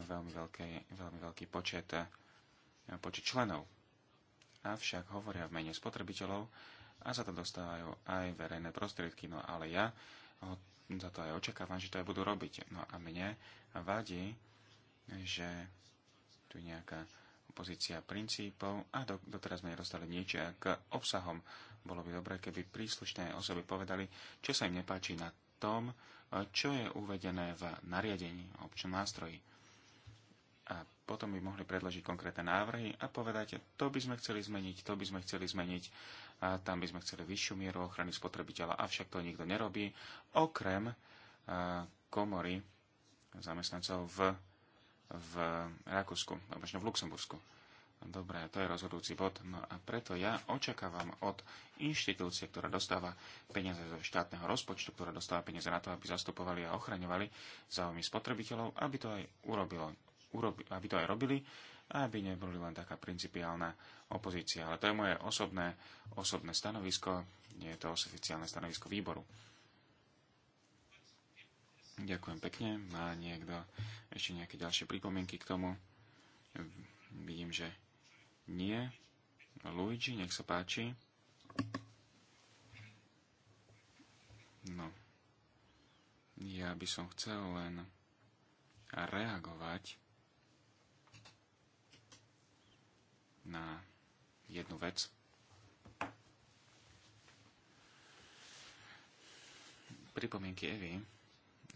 veľmi, veľké, veľmi veľký počet, počet členov. Avšak hovoria v mene spotrebiteľov a za to dostávajú aj verejné prostriedky. No ale ja za to aj očakávam, že to aj budú robiť. No a mne vadí, že tu nejaká pozícia princípov a do, doteraz sme nedostali niečo k obsahom. Bolo by dobré, keby príslušné osoby povedali, čo sa im nepáči na tom, čo je uvedené v nariadení o občom nástroji. A potom by mohli predložiť konkrétne návrhy a povedať, to by sme chceli zmeniť, to by sme chceli zmeniť, a tam by sme chceli vyššiu mieru ochrany spotrebiteľa, avšak to nikto nerobí, okrem komory zamestnancov v v Rakúsku, alebo v Luxembursku. Dobre, to je rozhodujúci bod. No a preto ja očakávam od inštitúcie, ktorá dostáva peniaze zo štátneho rozpočtu, ktorá dostáva peniaze na to, aby zastupovali a ochraňovali záujmy spotrebiteľov, aby to aj urobilo, urobi, aby to aj robili a aby neboli len taká principiálna opozícia. Ale to je moje osobné, osobné stanovisko, nie je to oficiálne stanovisko výboru. Ďakujem pekne. Má niekto ešte nejaké ďalšie pripomienky k tomu? Vidím, že nie. Luigi, nech sa páči. No. Ja by som chcel len reagovať na jednu vec. Pripomienky Evy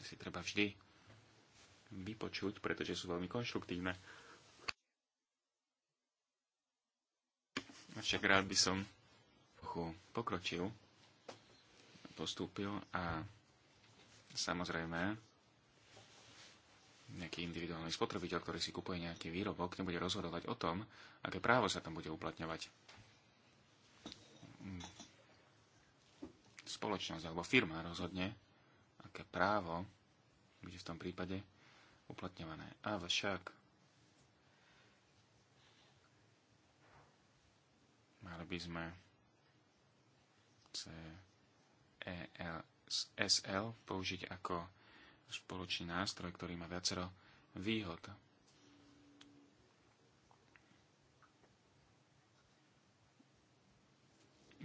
si treba vždy vypočuť, pretože sú veľmi konštruktívne. Však rád by som trochu pokročil, postúpil a samozrejme nejaký individuálny spotrebiteľ, ktorý si kupuje nejaký výrobok, nebude rozhodovať o tom, aké právo sa tam bude uplatňovať. Spoločnosť alebo firma rozhodne, aké právo bude v tom prípade uplatňované. Avšak mali by sme SL e použiť ako spoločný nástroj, ktorý má viacero výhod.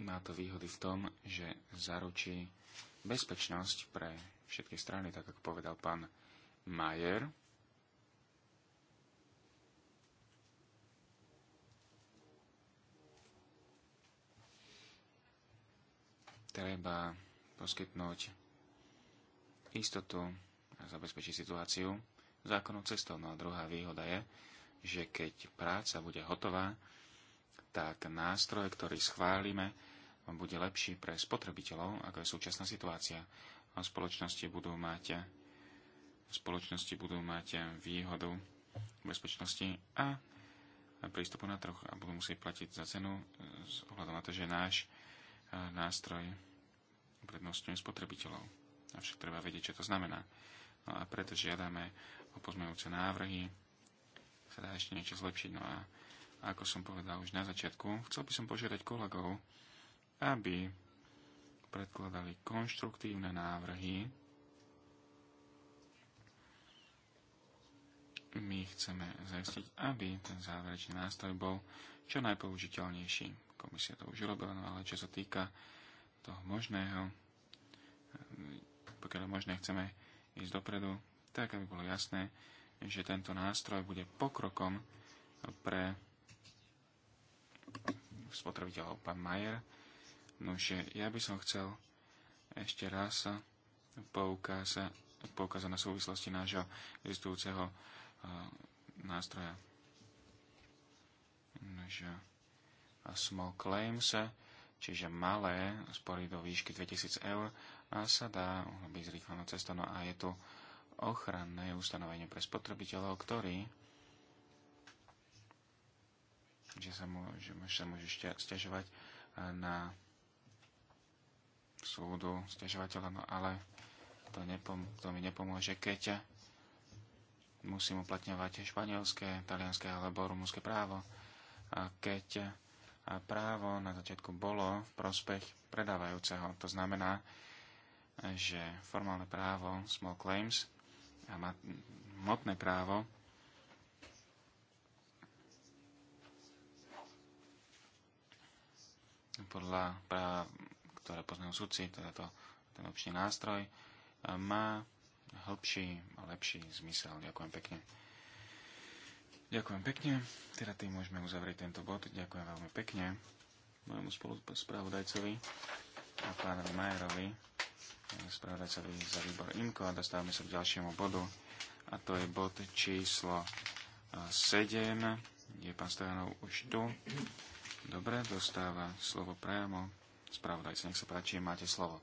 Má to výhody v tom, že zaručí bezpečnosť pre všetky strany, tak ako povedal pán Majer. Treba poskytnúť istotu a zabezpečiť situáciu zákonnou cestou. No a druhá výhoda je, že keď práca bude hotová, tak nástroj, ktorý schválime, bude lepší pre spotrebiteľov, ako je súčasná situácia a spoločnosti budú mať spoločnosti budú mať výhodu bezpečnosti a prístupu na trh a budú musieť platiť za cenu e, s ohľadom na to, že náš e, nástroj prednostňuje spotrebiteľov. Avšak treba vedieť, čo to znamená. No a preto žiadame o pozmejúce návrhy. Sa dá ešte niečo zlepšiť. No a ako som povedal už na začiatku, chcel by som požiadať kolegov, aby predkladali konštruktívne návrhy. My chceme zajistiť, aby ten záverečný nástroj bol čo najpoužiteľnejší. Komisia to už robila, no ale čo sa týka toho možného, pokiaľ možné chceme ísť dopredu, tak aby bolo jasné, že tento nástroj bude pokrokom pre spotrebiteľov. Pán Majer Nože, ja by som chcel ešte raz poukázať, poukáza na súvislosti nášho existujúceho nástroja. Nože, a small claims, čiže malé spory do výšky 2000 eur, a sa dá urobiť zrýchlenou cestou. No a je tu ochranné ustanovenie pre spotrebiteľov, ktorý že sa môže, sa môže stiažovať na súdu stiažovateľa, no ale to, nepom- to mi nepomôže, keď musím uplatňovať španielské, talianské alebo rumúnske právo. A keď a právo na začiatku bolo v prospech predávajúceho, to znamená, že formálne právo small claims a motné právo podľa práva ktoré poznajú súci, teda to, ten lepší nástroj, má hĺbší a lepší zmysel. Ďakujem pekne. Ďakujem pekne. Teda tým môžeme uzavrieť tento bod. Ďakujem veľmi pekne mojemu spolupravodajcovi a pánovi Majerovi, spravodajcovi za výbor IMKO a dostávame sa k ďalšiemu bodu a to je bod číslo 7. Je pán Stojanov už tu. Dobre, dostáva slovo priamo spravodajca. Nech sa páči, máte slovo.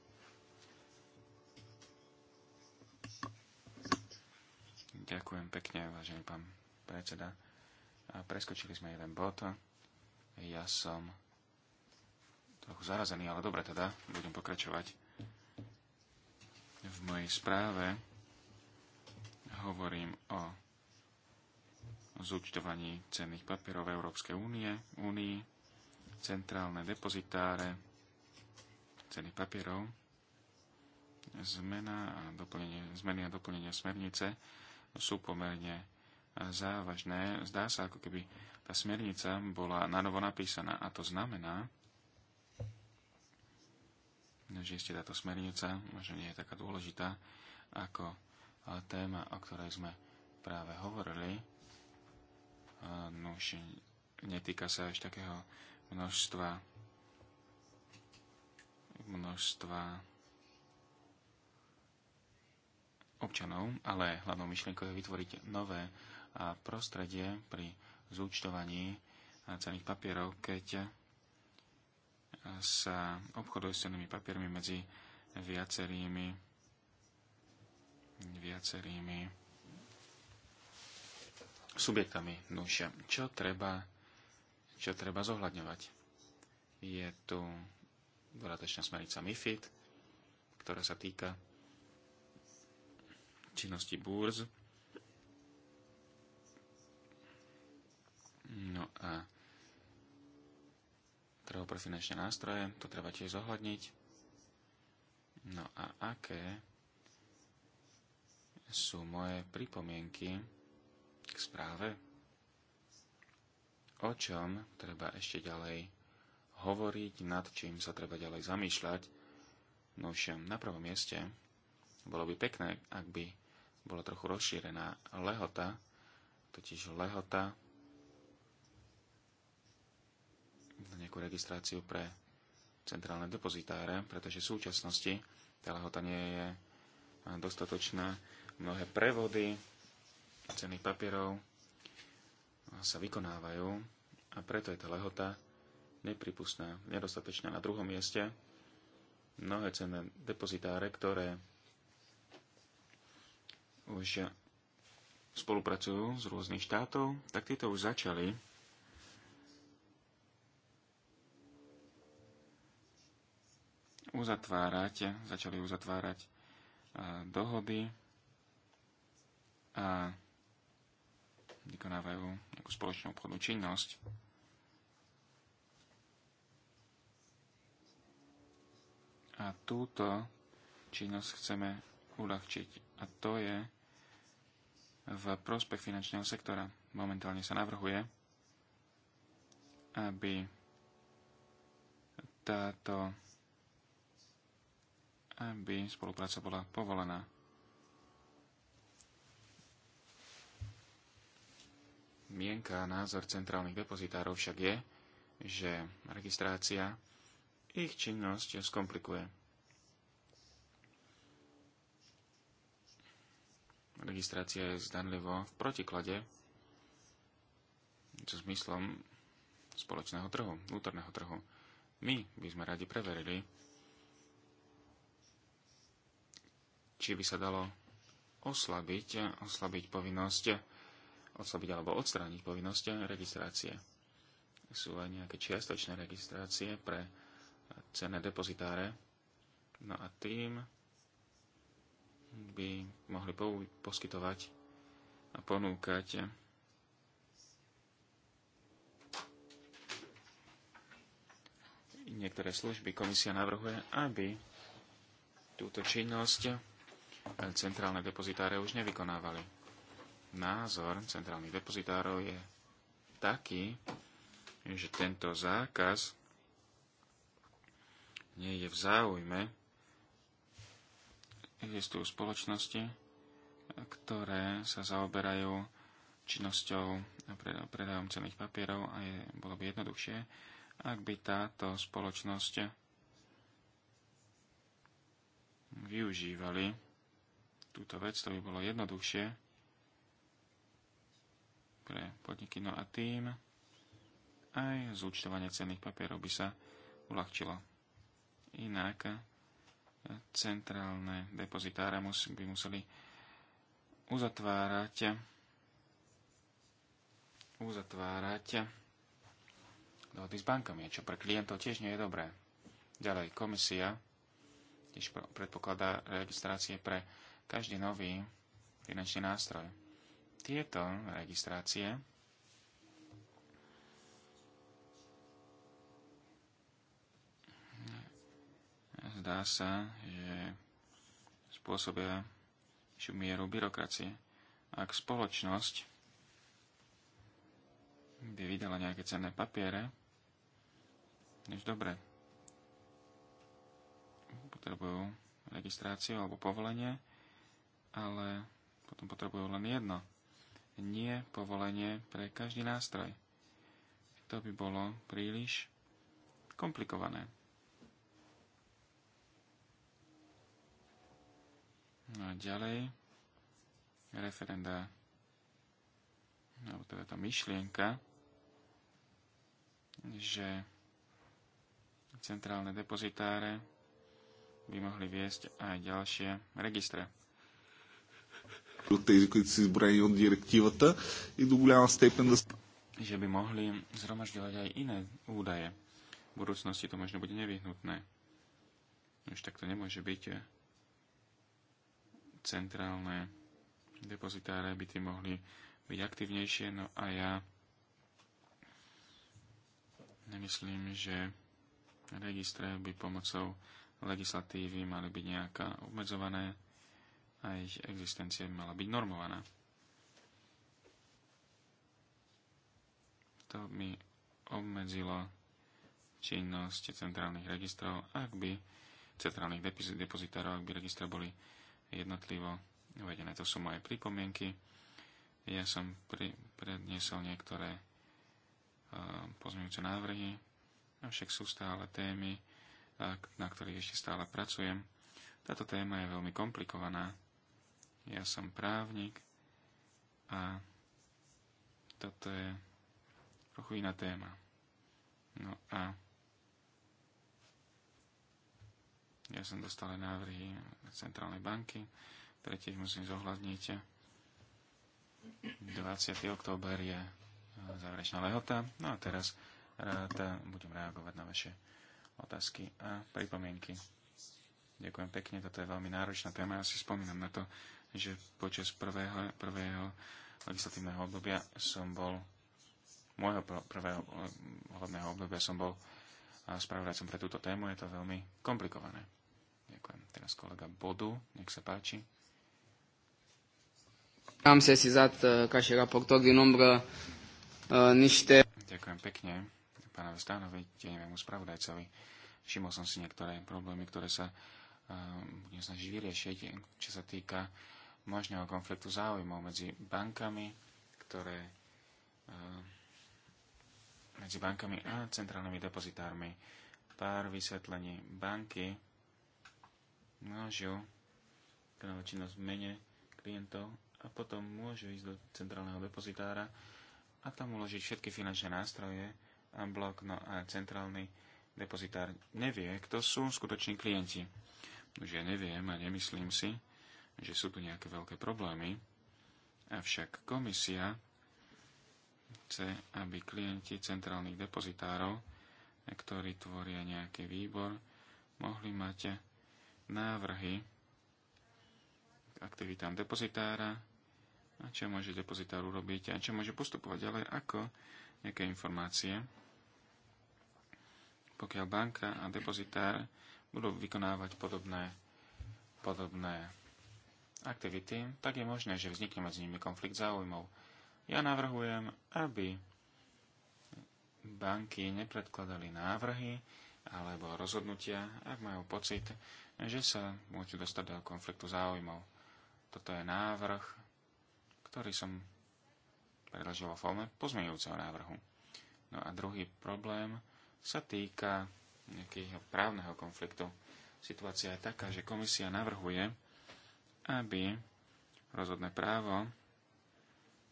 Ďakujem pekne, vážený pán predseda. A preskočili sme jeden bod. Ja som trochu zarazený, ale dobre teda, budem pokračovať. V mojej správe hovorím o zúčtovaní cenných papierov Európskej únie, únii, centrálne depozitáre, ceny papierov, zmena a doplnenie, zmeny a doplnenia smernice sú pomerne závažné. Zdá sa, ako keby tá smernica bola na novo napísaná. A to znamená, že ste táto smernica možno nie je taká dôležitá ako téma, o ktorej sme práve hovorili. No už netýka sa až takého množstva množstva občanov, ale hlavnou myšlienkou je vytvoriť nové prostredie pri zúčtovaní cených papierov, keď sa obchoduje s cenými papiermi medzi viacerými viacerými subjektami nušia. Čo treba, čo treba zohľadňovať? Je tu dodatočná smernica MIFID, ktorá sa týka činnosti búrz. No a trhu pre finančné nástroje, to treba tiež zohľadniť. No a aké sú moje pripomienky k správe? O čom treba ešte ďalej hovoriť, nad čím sa treba ďalej zamýšľať. No všem, na prvom mieste bolo by pekné, ak by bola trochu rozšírená lehota, totiž lehota na nejakú registráciu pre centrálne depozitáre, pretože v súčasnosti tá lehota nie je dostatočná. Mnohé prevody cenných papierov sa vykonávajú a preto je tá lehota nepripustná, nedostatečná Na druhom mieste mnohé cenné depozitáre, ktoré už spolupracujú z rôznych štátov, tak títo už začali uzatvárať, začali uzatvárať dohody a vykonávajú nejakú spoločnú obchodnú činnosť. A túto činnosť chceme uľahčiť. A to je v prospech finančného sektora. Momentálne sa navrhuje, aby táto aby spolupráca bola povolená. Mienka a názor centrálnych depozitárov však je, že registrácia ich činnosť skomplikuje. Registrácia je zdanlivo v protiklade so zmyslom spoločného trhu, vnútorného trhu. My by sme radi preverili, či by sa dalo oslabiť, oslabiť povinnosť, oslabiť alebo odstrániť povinnosť registrácie. Sú aj nejaké čiastočné registrácie pre cenné depozitáre. No a tým by mohli poskytovať a ponúkať niektoré služby. Komisia navrhuje, aby túto činnosť centrálne depozitáre už nevykonávali. Názor centrálnych depozitárov je taký, že tento zákaz nie je v záujme. Existujú spoločnosti, ktoré sa zaoberajú činnosťou predajom cených papierov a je, bolo by jednoduchšie, ak by táto spoločnosť využívali túto vec, to by bolo jednoduchšie pre podniky. No a tým aj zúčtovanie cenných papierov by sa uľahčilo. Inak e, centrálne depozitáre by museli uzatvárať uzatvárať dohody s bankami, čo pre klientov tiež nie je dobré. Ďalej, komisia tiež predpokladá registrácie pre každý nový finančný nástroj. Tieto registrácie zdá sa, že spôsobia vyššiu mieru byrokracie. Ak spoločnosť by vydala nejaké cenné papiere, než dobre. Potrebujú registráciu alebo povolenie, ale potom potrebujú len jedno. Nie povolenie pre každý nástroj. To by bolo príliš komplikované. No a ďalej, referenda, alebo teda tá myšlienka, že centrálne depozitáre by mohli viesť aj ďalšie registre. Že by mohli zhromažďovať aj iné údaje. V budúcnosti to možno bude nevyhnutné. Už tak to nemôže byť centrálne depozitáre by tie mohli byť aktívnejšie. No a ja nemyslím, že registre by pomocou legislatívy mali byť nejaká obmedzované a ich existencia by mala byť normovaná. To by obmedzilo činnosť centrálnych registrov, ak by centrálnych depozitárov, ak by registre boli jednotlivo uvedené. To sú moje pripomienky. Ja som pri, predniesol niektoré e, pozmeňujúce návrhy, avšak sú stále témy, e, na ktorých ešte stále pracujem. Táto téma je veľmi komplikovaná. Ja som právnik a toto je trochu iná téma. No a Ja som dostal návrhy Centrálnej banky, ktoré tiež musím zohľadniť. 20. október je eh, záverečná lehota. No a teraz rád budem reagovať na vaše otázky a pripomienky. Ďakujem pekne, toto je veľmi náročná téma. Ja si spomínam na to, že počas prvého, prvého legislatívneho obdobia som bol môjho prvého hodného eh, obdobia som bol eh, spravodajcom pre túto tému. Je to veľmi komplikované. Ďakujem. Teraz kolega Bodu, nech sa páči. sa si ca și raportok, kde nombra nište. Ďakujem pekne pánovi Stánovi, tieňovému spravodajcovi. Všimol som si niektoré problémy, ktoré sa e, budem snažiť vyriešiť, čo sa týka možného konfliktu záujmov medzi bankami, ktoré e, medzi bankami a centrálnymi depozitármi. Pár vysvetlení banky nášho na činnosť v mene klientov a potom môžu ísť do centrálneho depozitára a tam uložiť všetky finančné nástroje a blok, no a centrálny depozitár nevie, kto sú skutoční klienti. Už ja neviem a nemyslím si, že sú tu nejaké veľké problémy, avšak komisia chce, aby klienti centrálnych depozitárov, ktorí tvoria nejaký výbor, mohli mať návrhy k aktivitám depozitára, a čo môže depozitár urobiť a čo môže postupovať ďalej, ako nejaké informácie. Pokiaľ banka a depozitár budú vykonávať podobné, podobné aktivity, tak je možné, že vznikne medzi nimi konflikt záujmov. Ja navrhujem, aby banky nepredkladali návrhy, alebo rozhodnutia, ak majú pocit, že sa môžu dostať do konfliktu záujmov. Toto je návrh, ktorý som predložil vo forme pozmeňujúceho návrhu. No a druhý problém sa týka nejakého právneho konfliktu. Situácia je taká, že komisia navrhuje, aby rozhodné právo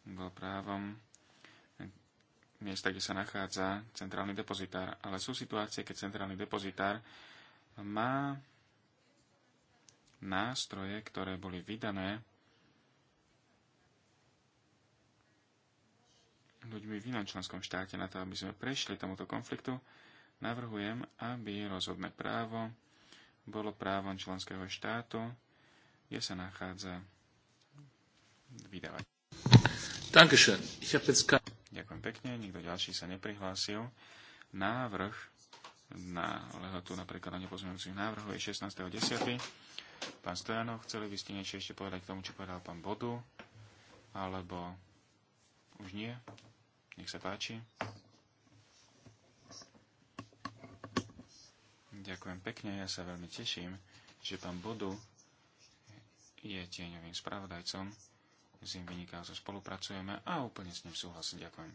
bolo právom miesta, kde sa nachádza centrálny depozitár. Ale sú situácie, keď centrálny depozitár má nástroje, ktoré boli vydané ľuďmi v inom členskom štáte na to, aby sme prešli tomuto konfliktu, navrhujem, aby rozhodné právo bolo právom členského štátu, kde sa nachádza vydávať. Dankeschön. Ich habe jetzt Ďakujem pekne, nikto ďalší sa neprihlásil. Návrh na lehotu na prekladanie pozmeňujúcich návrhov je 16.10. Pán Stojanov, chceli by ste niečo ešte povedať k tomu, čo povedal pán Bodu? Alebo už nie? Nech sa páči. Ďakujem pekne, ja sa veľmi teším, že pán Bodu je tieňovým spravodajcom s ním vynikajúco spolupracujeme a úplne s ním súhlasím. Ďakujem.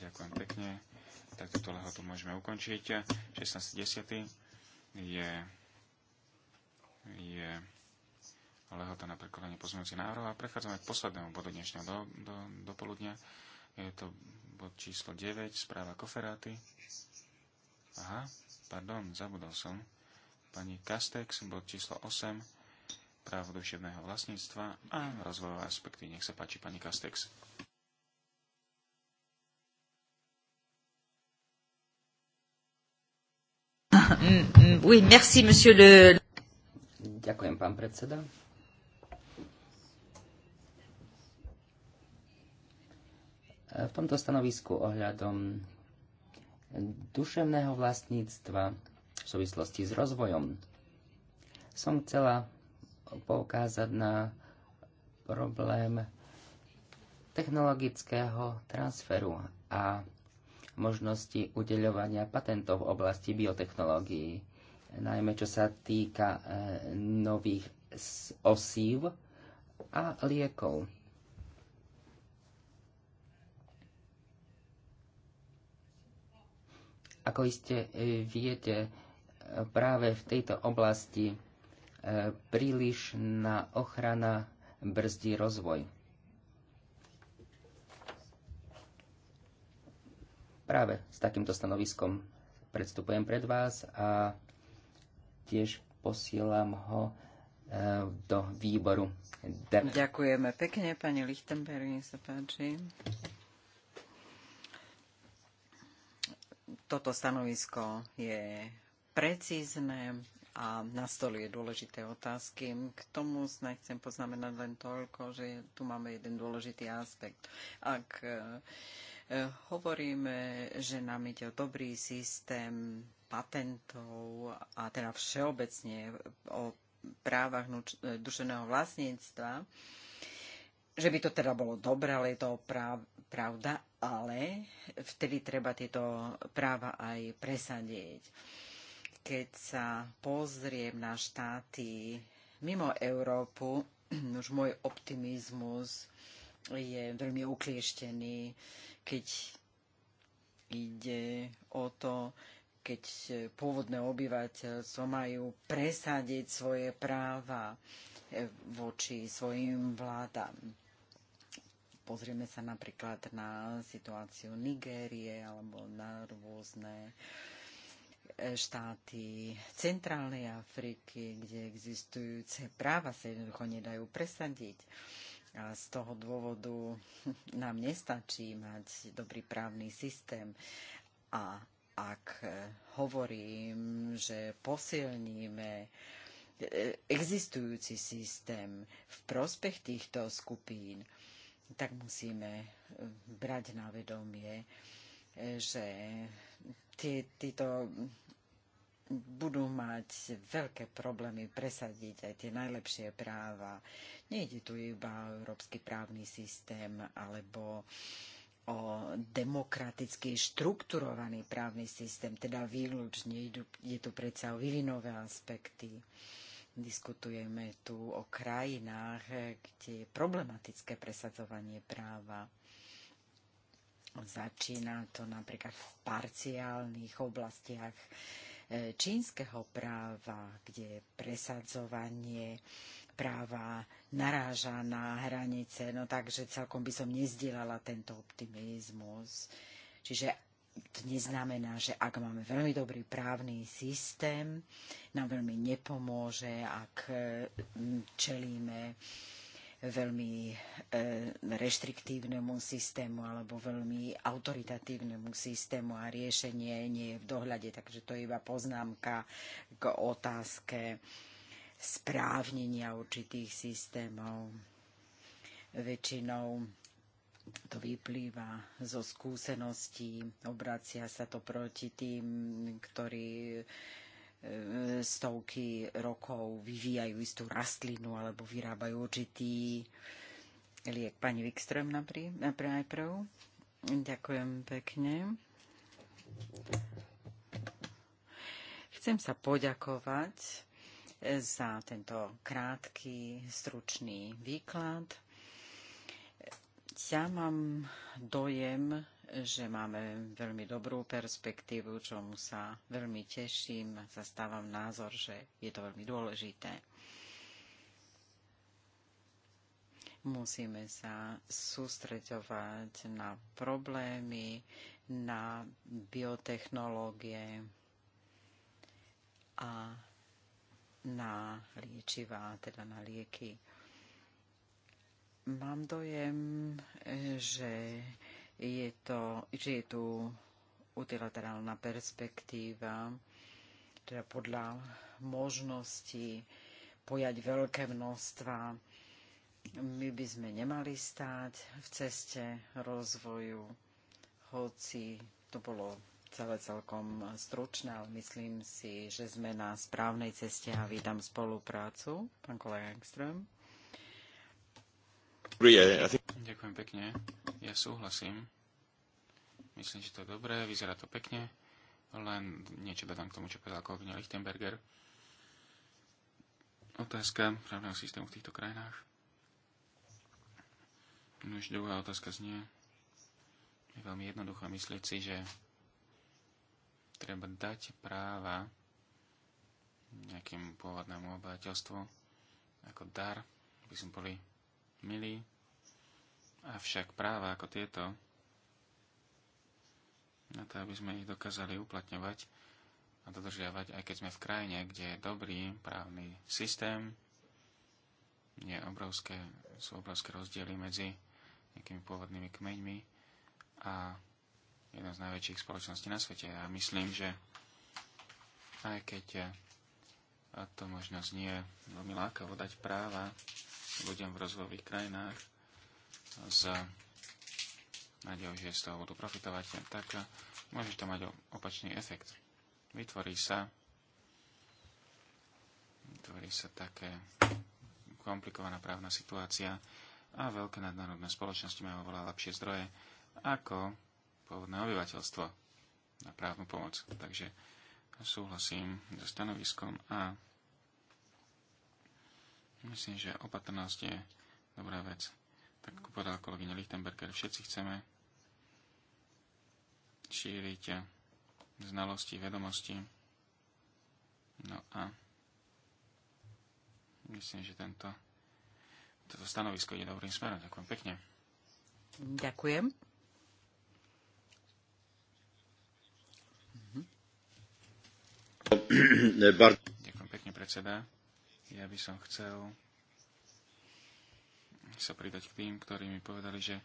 Ďakujem pekne. Tak túto lehotu môžeme ukončiť. 16.10. je, je lehota na prekonanie pozmeňujúci návrh a prechádzame k poslednému bodu dnešného do, do, do poludnia. Je to bod číslo 9, správa koferáty. Aha, pardon, zabudol som. Pani Kastex, bod číslo 8, práv duševného vlastníctva a rozvojové aspekty. Nech sa páči, pani Kastex. Oui, merci, monsieur le... Ďakujem, pán predseda. V tomto stanovisku ohľadom duševného vlastníctva v súvislosti s rozvojom som chcela poukázať na problém technologického transferu a možnosti udeľovania patentov v oblasti biotechnológií, najmä čo sa týka e, nových osív a liekov. Ako iste e, viete, práve v tejto oblasti E, prílišná ochrana brzdí rozvoj. Práve s takýmto stanoviskom predstupujem pred vás a tiež posielam ho e, do výboru. Dem. Ďakujeme pekne, pani Lichtenberg, nech sa páči. Toto stanovisko je precízne a nastoluje dôležité otázky. K tomu snáď chcem poznamenať len toľko, že tu máme jeden dôležitý aspekt. Ak e, e, hovoríme, že nám ide o dobrý systém patentov a teda všeobecne o právach e, duševného vlastníctva, že by to teda bolo dobré, ale je to práv, pravda, ale vtedy treba tieto práva aj presadiť keď sa pozriem na štáty mimo Európu, *clears throat* už môj optimizmus je veľmi uklieštený, keď ide o to, keď pôvodné obyvateľstvo majú presadiť svoje práva eh, voči svojim vládam. Pozrieme sa napríklad na situáciu Nigérie alebo na rôzne uh, štáty centrálnej Afriky, kde existujúce práva sa jednoducho nedajú presadiť. A z toho dôvodu *laughs* nám nestačí mať dobrý právny systém. A ak hovorím, že posilníme e, existujúci systém v prospech týchto skupín, tak musíme brať na vedomie, e, že tí, títo budú mať veľké problémy presadiť aj tie najlepšie práva. Nejde tu iba o európsky právny systém alebo o demokraticky štrukturovaný právny systém, teda výlučne je tu predsa o vývinové aspekty. Diskutujeme tu o krajinách, kde je problematické presadzovanie práva. Začína to napríklad v parciálnych oblastiach e, čínskeho práva, kde presadzovanie práva naráža na hranice. No takže celkom by som nezdielala tento optimizmus. Čiže to neznamená, že ak máme veľmi dobrý právny systém, nám veľmi nepomôže, ak čelíme veľmi e, reštriktívnemu systému alebo veľmi autoritatívnemu systému a riešenie nie je v dohľade. Takže to je iba poznámka k otázke správnenia určitých systémov. Väčšinou to vyplýva zo skúseností, obracia sa to proti tým, ktorí E, stovky rokov vyvíjajú istú rastlinu alebo vyrábajú určitý liek. Pani Wikström najprv. Ďakujem pekne. Chcem sa poďakovať e, za tento krátky, stručný výklad. Ja mám dojem, že máme veľmi dobrú perspektívu, čomu sa veľmi teším. Zastávam názor, že je to veľmi dôležité. Musíme sa sústreďovať na problémy, na biotechnológie a na liečivá, teda na lieky. Mám dojem, že je to, že je tu utilaterálna perspektíva, teda podľa možnosti pojať veľké množstva. My by sme nemali stáť v ceste rozvoju, hoci to bolo celé celkom stručné, ale myslím si, že sme na správnej ceste a vítam spoluprácu. Pán kolega Engström. Ďakujem pekne. Ja súhlasím. Myslím, že to je dobré, vyzerá to pekne. Len niečo dodám k tomu, čo povedal kolegyňa Lichtenberger. Otázka právneho systému v týchto krajinách. No už druhá otázka znie. Je veľmi jednoduchá myslieť si, že treba dať práva nejakému pôvodnému obyvateľstvu ako dar, by sme boli milí. Avšak práva ako tieto, na to, aby sme ich dokázali uplatňovať a dodržiavať, aj keď sme v krajine, kde je dobrý právny systém, je obrovské, sú obrovské rozdiely medzi nejakými pôvodnými kmeňmi a jednou z najväčších spoločností na svete. A ja myslím, že aj keď a to možno znie veľmi lákavo dať práva ľuďom v rozvojových krajinách s nádejou, že z toho budú profitovať, tak môže to mať opačný efekt. Vytvorí sa vytvorí sa také komplikovaná právna situácia a veľké nadnárodné spoločnosti majú oveľa lepšie zdroje ako pôvodné obyvateľstvo na právnu pomoc. Takže súhlasím so stanoviskom a Myslím, že opatrnosť je dobrá vec. Tak ako povedala kolegyňa Lichtenberger, všetci chceme šíriť znalosti, vedomosti. No a myslím, že tento, toto stanovisko ide dobrým smerom. Ďakujem pekne. Ďakujem. Mhm. Ďakujem pekne, predseda. Ja by som chcel sa pridať k tým, ktorí mi povedali, že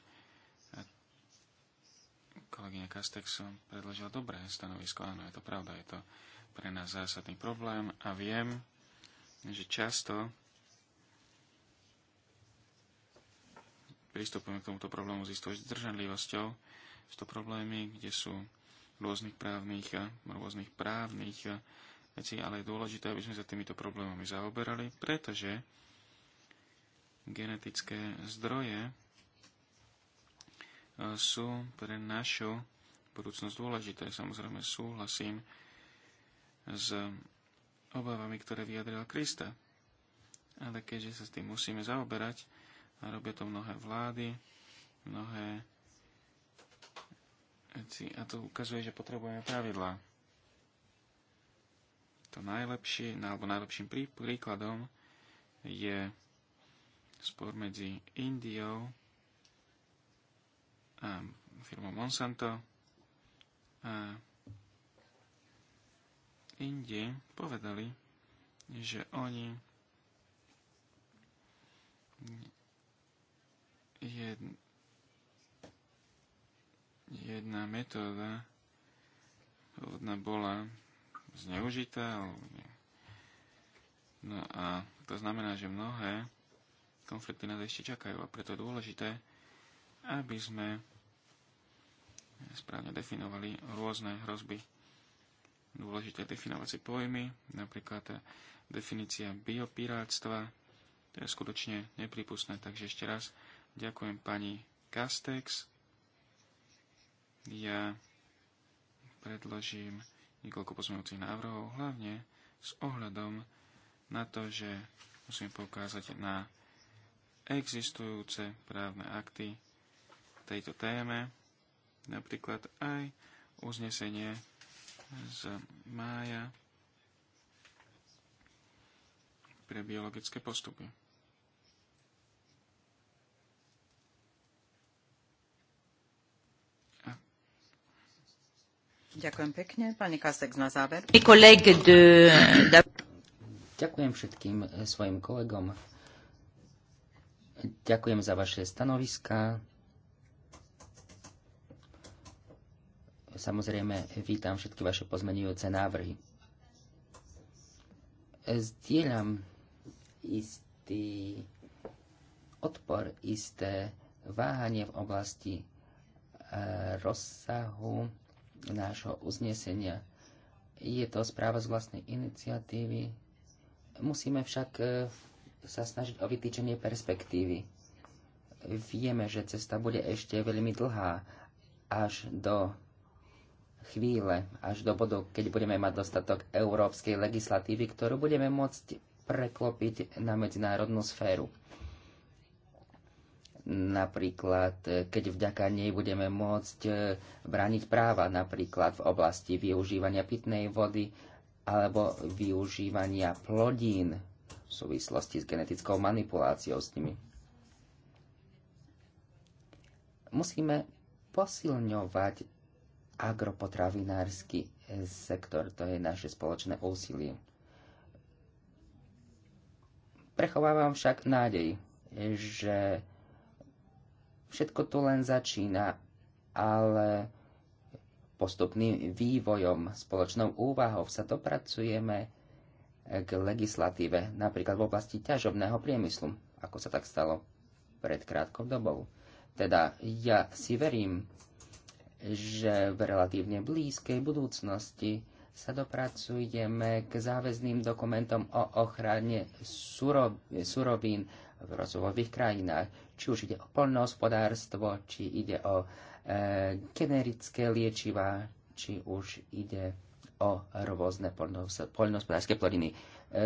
kolegyňa som predložila dobré stanovisko. Áno, je to pravda, je to pre nás zásadný problém a viem, že často pristupujeme k tomuto problému s istou zdržanlivosťou. Sú to problémy, kde sú rôznych právnych, rôznych právnych veci, ale je dôležité, aby sme sa týmito problémami zaoberali, pretože genetické zdroje e, sú pre našu budúcnosť dôležité. Samozrejme súhlasím s obavami, ktoré vyjadrila Krista. Ale keďže sa s tým musíme zaoberať, a robia to mnohé vlády, mnohé veci, a to ukazuje, že potrebujeme pravidlá to najlepšie, no, alebo najlepším príkladom je spor medzi Indiou a firmou Monsanto a Indie povedali, že oni jedna, jedna metóda bola zneužité. alebo. No a to znamená, že mnohé konflikty nás ešte čakajú a preto je dôležité, aby sme správne definovali rôzne hrozby. Dôležité definovať si pojmy, napríklad definícia biopiráctva, to je skutočne nepripustné. Takže ešte raz ďakujem pani Castex. Ja predložím niekoľko pozmeňujúcich návrhov, hlavne s ohľadom na to, že musím poukázať na existujúce právne akty tejto téme, napríklad aj uznesenie z mája pre biologické postupy. Ďakujem pekne. Pani Kasek na záver. Ďakujem všetkým svojim kolegom. Ďakujem za vaše stanoviska. Samozrejme, vítam všetky vaše pozmenujúce návrhy. Zdieľam istý odpor, isté váhanie v oblasti eh, rozsahu nášho uznesenia. Je to správa z vlastnej iniciatívy. Musíme však e, sa snažiť o vytýčenie perspektívy. Vieme, že cesta bude ešte veľmi dlhá až do chvíle, až do bodu, keď budeme mať dostatok európskej legislatívy, ktorú budeme môcť preklopiť na medzinárodnú sféru. Napríklad, e, keď vďaka nej budeme môcť e, brániť práva napríklad v oblasti využívania pitnej vody alebo využívania plodín v súvislosti s genetickou manipuláciou s nimi. Musíme posilňovať agropotravinársky sektor, to je naše spoločné úsilie. Prechovávam však nádej, že Všetko to len začína, ale postupným vývojom, spoločnou úvahou sa dopracujeme k legislatíve, napríklad v oblasti ťažobného priemyslu, ako sa tak stalo pred krátkou dobou. Teda ja si verím, že v relatívne blízkej budúcnosti sa dopracujeme k záväzným dokumentom o ochrane surovín v rozvojových krajinách. Či už ide o poľnohospodárstvo, či ide o e, generické liečiva, či už ide o rôzne poľnohospodárske plodiny. E,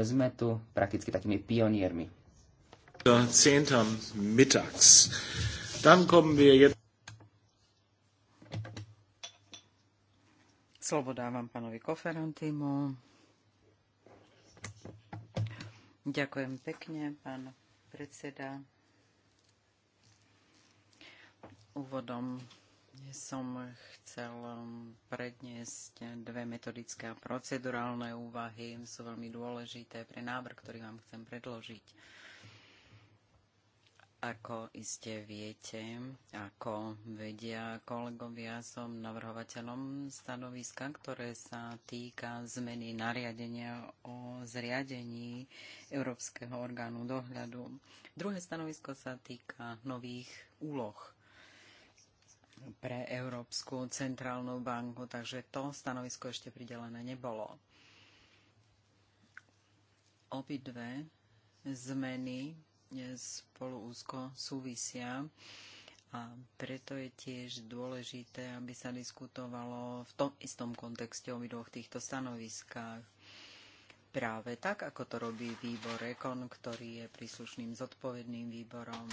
sme tu prakticky takými pioniermi. Slovo dávam pánovi Koferantimu. Ďakujem pekne, pán predseda. Úvodom som chcel predniesť dve metodické a procedurálne úvahy. Sú veľmi dôležité pre návrh, ktorý vám chcem predložiť. Ako iste viete, ako vedia kolegovia, som navrhovateľom stanoviska, ktoré sa týka zmeny nariadenia o zriadení Európskeho orgánu dohľadu. Druhé stanovisko sa týka nových úloh pre Európsku centrálnu banku, takže to stanovisko ešte pridelené nebolo. Obidve zmeny Vlastne spolu úzko súvisia a preto je tiež dôležité, aby sa diskutovalo v tom istom kontexte o obidvoch týchto stanoviskách. Práve tak, ako to robí výbor Rekon, ktorý je príslušným zodpovedným výborom.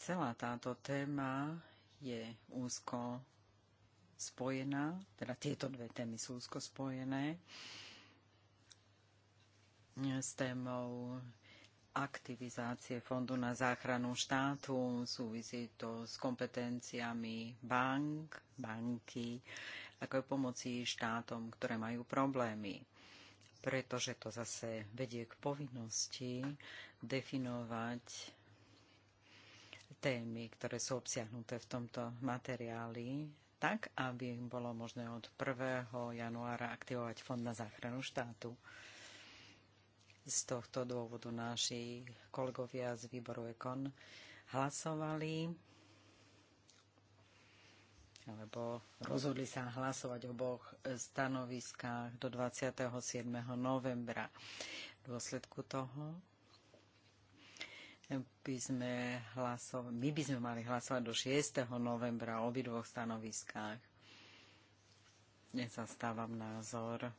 Celá táto téma je úzko spojená, teda tieto dve témy sú úzko spojené s témou aktivizácie Fondu na záchranu štátu, súvisí to s kompetenciami bank, banky, ako aj pomoci štátom, ktoré majú problémy. Pretože to zase vedie k povinnosti definovať témy, ktoré sú obsiahnuté v tomto materiáli tak, aby bolo možné od 1. januára aktivovať Fond na záchranu štátu. Z tohto dôvodu naši kolegovia z výboru EKON hlasovali alebo rozhodli sa hlasovať o oboch stanoviskách do 27. novembra. V dôsledku toho by sme hlasov... my by sme mali hlasovať do 6. novembra o obidvoch stanoviskách. Nezastávam názor,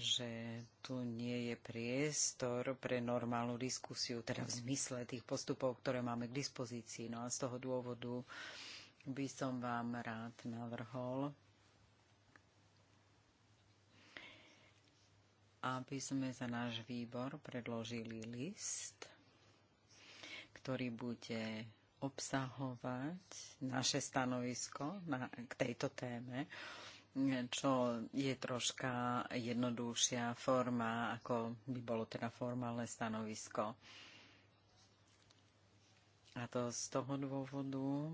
že tu nie je priestor pre normálnu diskusiu, teda v zmysle tých postupov, ktoré máme k dispozícii. No a z toho dôvodu by som vám rád navrhol, aby sme za náš výbor predložili list ktorý bude obsahovať naše stanovisko na, k tejto téme, čo je troška jednoduchšia forma, ako by bolo teda formálne stanovisko. A to z toho dôvodu,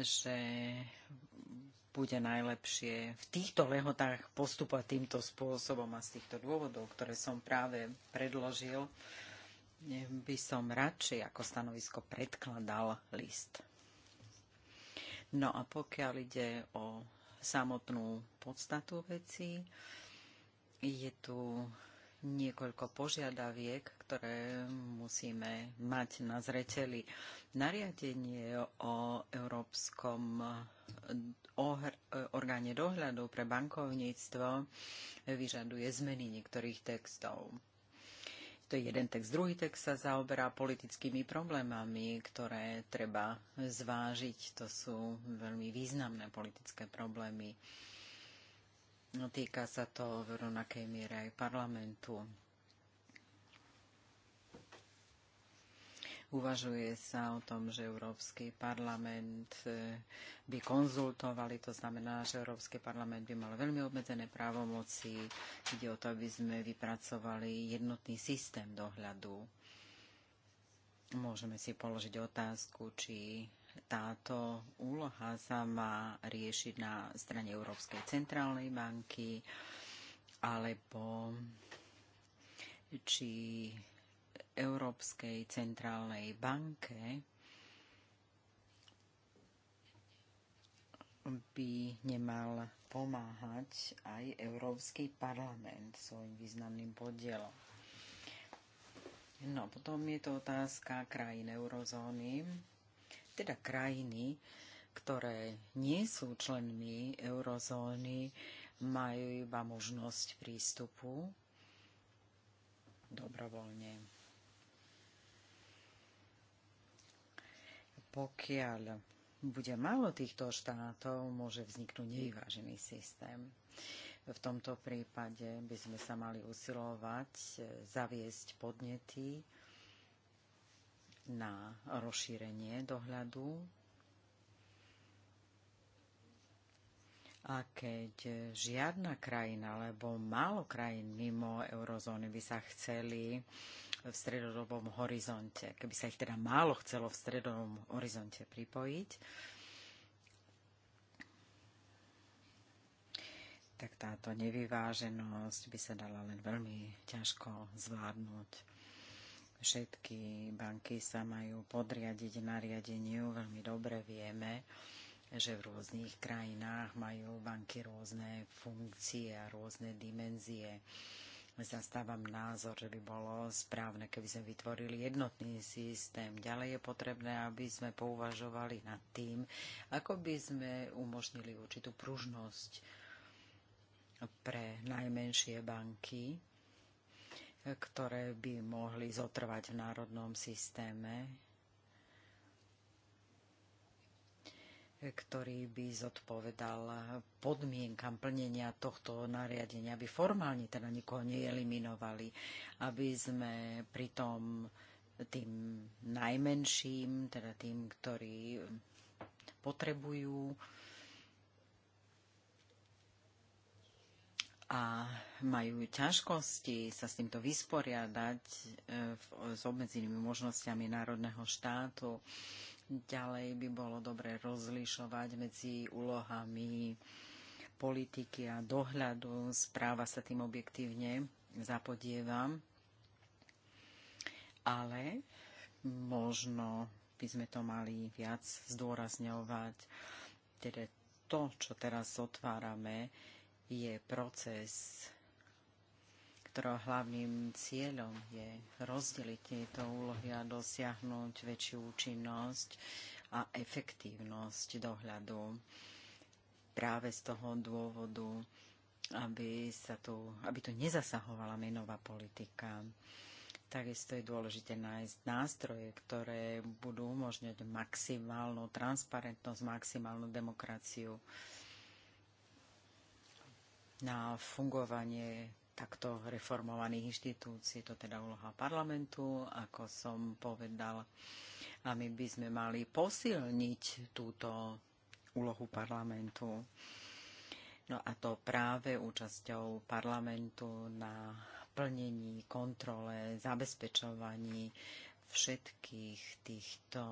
že bude najlepšie v týchto lehotách postupovať týmto spôsobom a z týchto dôvodov, ktoré som práve predložil, by som radšej ako stanovisko predkladal list. No a pokiaľ ide o samotnú podstatu veci, je tu niekoľko požiadaviek, ktoré musíme mať na zreteli. Nariadenie o Európskom orgáne dohľadu pre bankovníctvo vyžaduje zmeny niektorých textov. To je jeden text. Druhý text sa zaoberá politickými problémami, ktoré treba zvážiť. To sú veľmi významné politické problémy. Týka sa to v rovnakej miere aj parlamentu. Uvažuje sa o tom, že Európsky parlament e, by konzultovali, to znamená, že Európsky parlament by mal veľmi obmedzené právomoci. Ide o to, aby sme vypracovali jednotný systém dohľadu. Môžeme si položiť otázku, či táto úloha sa má riešiť na strane Európskej centrálnej banky, alebo či Európskej centrálnej banke by nemal pomáhať aj Európsky parlament svojim významným podielom. No, potom je to otázka krajín eurozóny, teda krajiny, ktoré nie sú členmi eurozóny, majú iba možnosť prístupu dobrovoľne Pokiaľ bude málo týchto štátov, môže vzniknúť nevyvážený systém. V tomto prípade by sme sa mali usilovať e, zaviesť podnety na rozšírenie dohľadu. A keď žiadna krajina alebo málo krajín mimo eurozóny by sa chceli v stredodobom horizonte, keby sa ich teda málo chcelo v stredodobom horizonte pripojiť, tak táto nevyváženosť by sa dala len veľmi ťažko zvládnuť. Všetky banky sa majú podriadiť nariadeniu, veľmi dobre vieme, že v rôznych krajinách majú banky rôzne funkcie a rôzne dimenzie. Zastávam názor, že by bolo správne, keby sme vytvorili jednotný systém. Ďalej je potrebné, aby sme pouvažovali nad tým, ako by sme umožnili určitú pružnosť pre najmenšie banky, ktoré by mohli zotrvať v národnom systéme ktorý by zodpovedal podmienkam plnenia tohto nariadenia, aby formálne teda nikoho neeliminovali, aby sme pritom tým najmenším, teda tým, ktorí potrebujú a majú ťažkosti sa s týmto vysporiadať e, s obmedzenými možnosťami národného štátu, Ďalej by bolo dobre rozlišovať medzi úlohami politiky a dohľadu. Správa sa tým objektívne zapodieva. Ale možno by sme to mali viac zdôrazňovať. Teda to, čo teraz otvárame, je proces ktorého hlavným cieľom je rozdeliť tieto úlohy a dosiahnuť väčšiu účinnosť a efektívnosť dohľadu. Práve z toho dôvodu, aby, sa tu, aby tu nezasahovala menová politika. Takisto je dôležité nájsť nástroje, ktoré budú umožňovať maximálnu transparentnosť, maximálnu demokraciu na fungovanie takto reformovaných inštitúcií. To teda úloha parlamentu, ako som povedal. A my by sme mali posilniť túto úlohu parlamentu. No a to práve účasťou parlamentu na plnení, kontrole, zabezpečovaní všetkých týchto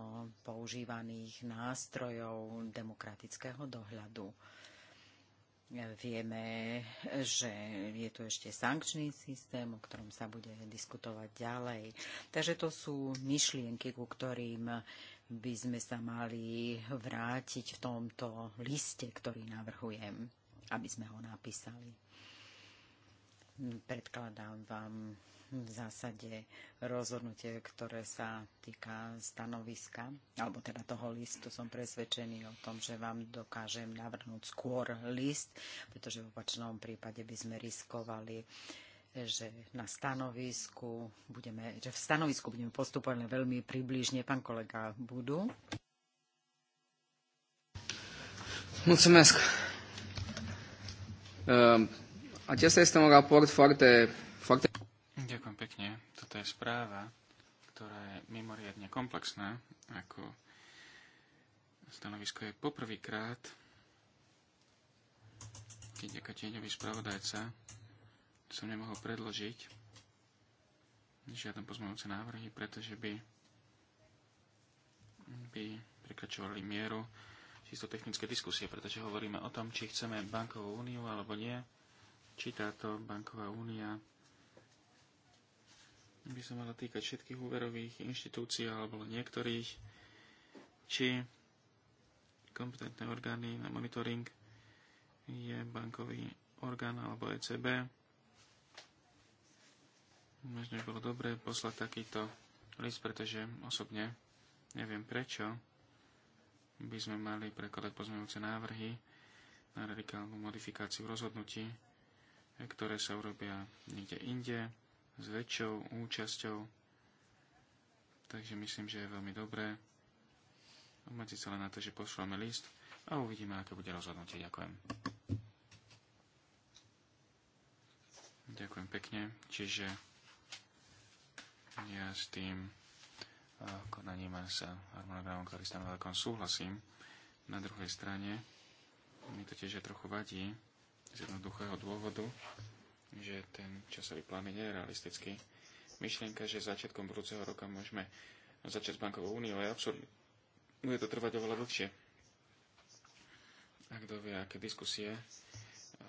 používaných nástrojov demokratického dohľadu. Vieme, že je tu ešte sankčný systém, o ktorom sa bude diskutovať ďalej. Takže to sú myšlienky, ku ktorým by sme sa mali vrátiť v tomto liste, ktorý navrhujem, aby sme ho napísali. Predkladám vám v zásade rozhodnutie, ktoré sa týka stanoviska, alebo teda toho listu, som presvedčený o tom, že vám dokážem navrhnúť skôr list, pretože v opačnom prípade by sme riskovali že na stanovisku budeme, že v stanovisku budeme postupovať veľmi približne. Pán kolega Budu. Mulțumesc. Ehm, acesta este un raport foarte Ďakujem pekne. Toto je správa, ktorá je mimoriadne komplexná, ako stanovisko je poprvýkrát, keď ako tieňový spravodajca som nemohol predložiť žiadne pozmeňujúce návrhy, pretože by, by prekračovali mieru čisto technické diskusie, pretože hovoríme o tom, či chceme bankovú úniu alebo nie, či táto banková únia by sa mala týkať všetkých úverových inštitúcií alebo len niektorých, či kompetentné orgány na monitoring je bankový orgán alebo ECB. Možno by bolo dobré poslať takýto list, pretože osobne neviem prečo by sme mali prekladať pozmeňujúce návrhy na radikálnu modifikáciu rozhodnutí, ktoré sa urobia niekde inde s väčšou účasťou. Takže myslím, že je veľmi dobré. Máte sa len na to, že pošleme list a uvidíme, aké bude rozhodnutie. Ďakujem. Ďakujem pekne. Čiže ja s tým konaním sa harmonogramom, ktorý veľkom súhlasím. Na druhej strane mi to tiež trochu vadí z jednoduchého dôvodu, že ten časový plán je nerealistický. Myšlienka, že začiatkom budúceho roka môžeme začať s bankovou úniou, je absurdný. Bude to trvať oveľa dlhšie. A kto vie, aké diskusie,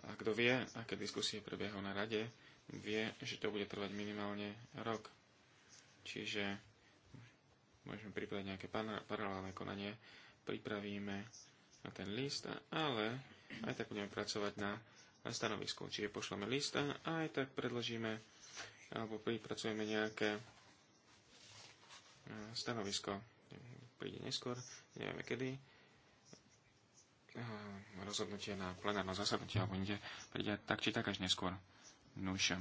a kto vie, aké diskusie prebiehajú na rade, vie, že to bude trvať minimálne rok. Čiže môžeme pripraviť nejaké paralelné konanie, pripravíme na ten list, ale aj tak budeme pracovať na stanovisku. Čiže pošleme list a aj tak predložíme alebo pripracujeme nejaké mm, stanovisko. Príde neskôr, nevieme kedy. Rozhodnutie na plenárno zasadnutie alebo inde príde tak či tak až neskôr. Nuž.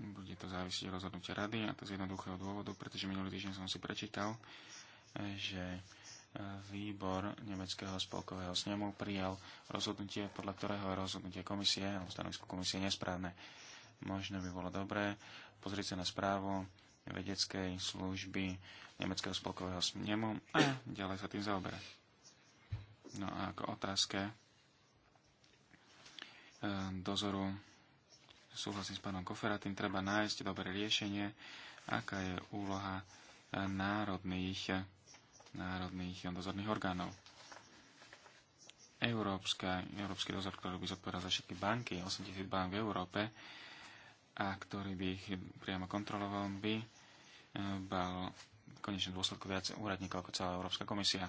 Bude to závisieť rozhodnutia rady a to z jednoduchého dôvodu, pretože minulý týždeň som si prečítal, že výbor Nemeckého spolkového snemu prijal rozhodnutie, podľa ktorého je rozhodnutie komisie alebo stanovisko komisie nesprávne. Možno by bolo dobré pozrieť sa na správu vedeckej služby Nemeckého spolkového snemu a ďalej sa tým zaoberať. No a ako otázke e, dozoru súhlasím s pánom tým treba nájsť dobré riešenie, aká je úloha e, národných národných dozorných orgánov. Európska, Európsky dozor, ktorý by zodpovedal za všetky banky, 80 bank v Európe, a ktorý by ich priamo kontroloval, by e, bal v konečnom dôsledku viac úradníkov ako celá Európska komisia.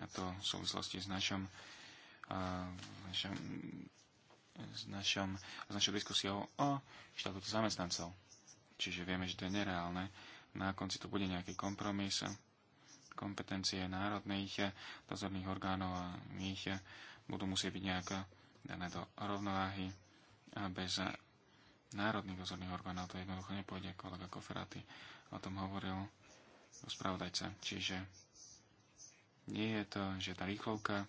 A to v súvislosti s e, našom, s, našom, s našou diskusiou o štatúte zamestnancov. Čiže vieme, že to je nereálne. Na konci tu bude nejaký kompromis kompetencie národných dozorných orgánov a ich budú musieť byť nejak dané do rovnováhy a bez národných dozorných orgánov to jednoducho nepôjde. Kolega Koferaty o tom hovoril spravodajca. Čiže nie je to, že tá rýchlovka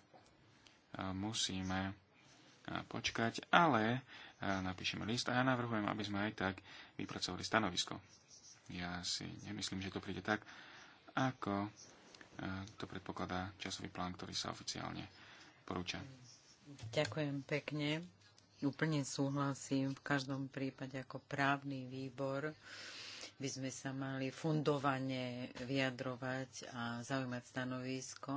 musíme počkať, ale napíšeme list a ja navrhujem, aby sme aj tak vypracovali stanovisko. Ja si nemyslím, že to príde tak, ako to predpokladá časový plán, ktorý sa oficiálne porúča. Ďakujem pekne. Úplne súhlasím. V každom prípade ako právny výbor by sme sa mali fundovane vyjadrovať a zaujímať stanovisko.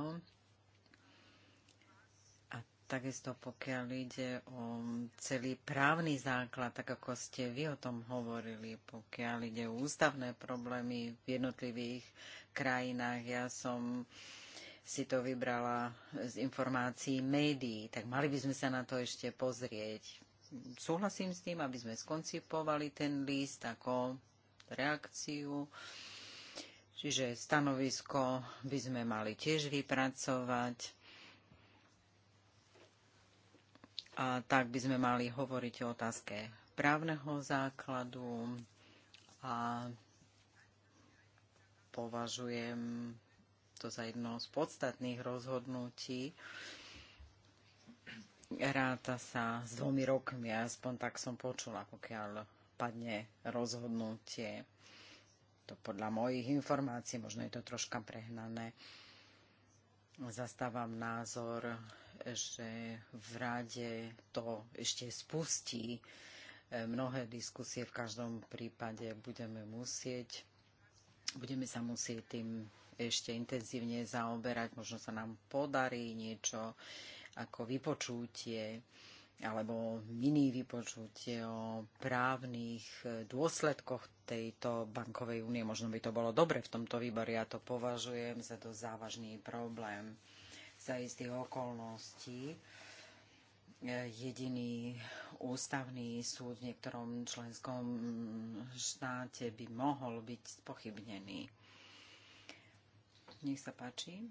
Takisto pokiaľ ide o celý právny základ, tak ako ste vy o tom hovorili, pokiaľ ide o ústavné problémy v jednotlivých krajinách, ja som si to vybrala z informácií médií, tak mali by sme sa na to ešte pozrieť. Súhlasím s tým, aby sme skoncipovali ten list ako reakciu. Čiže stanovisko by sme mali tiež vypracovať A tak by sme mali hovoriť o otázke právneho základu a považujem to za jedno z podstatných rozhodnutí. Ráta sa s dvomi rokmi, aspoň tak som počula, pokiaľ padne rozhodnutie. To podľa mojich informácií, možno je to troška prehnané. Zastávam názor, že v rade to ešte spustí e, mnohé diskusie. V každom prípade budeme musieť, budeme sa musieť tým ešte intenzívne zaoberať. Možno sa nám podarí niečo ako vypočutie alebo mini vypočutie o právnych dôsledkoch tejto bankovej únie. Možno by to bolo dobre v tomto výbore. Ja to považujem za to závažný problém za istých okolností jediný ústavný súd v niektorom členskom štáte by mohol byť spochybnený. Nech sa páči.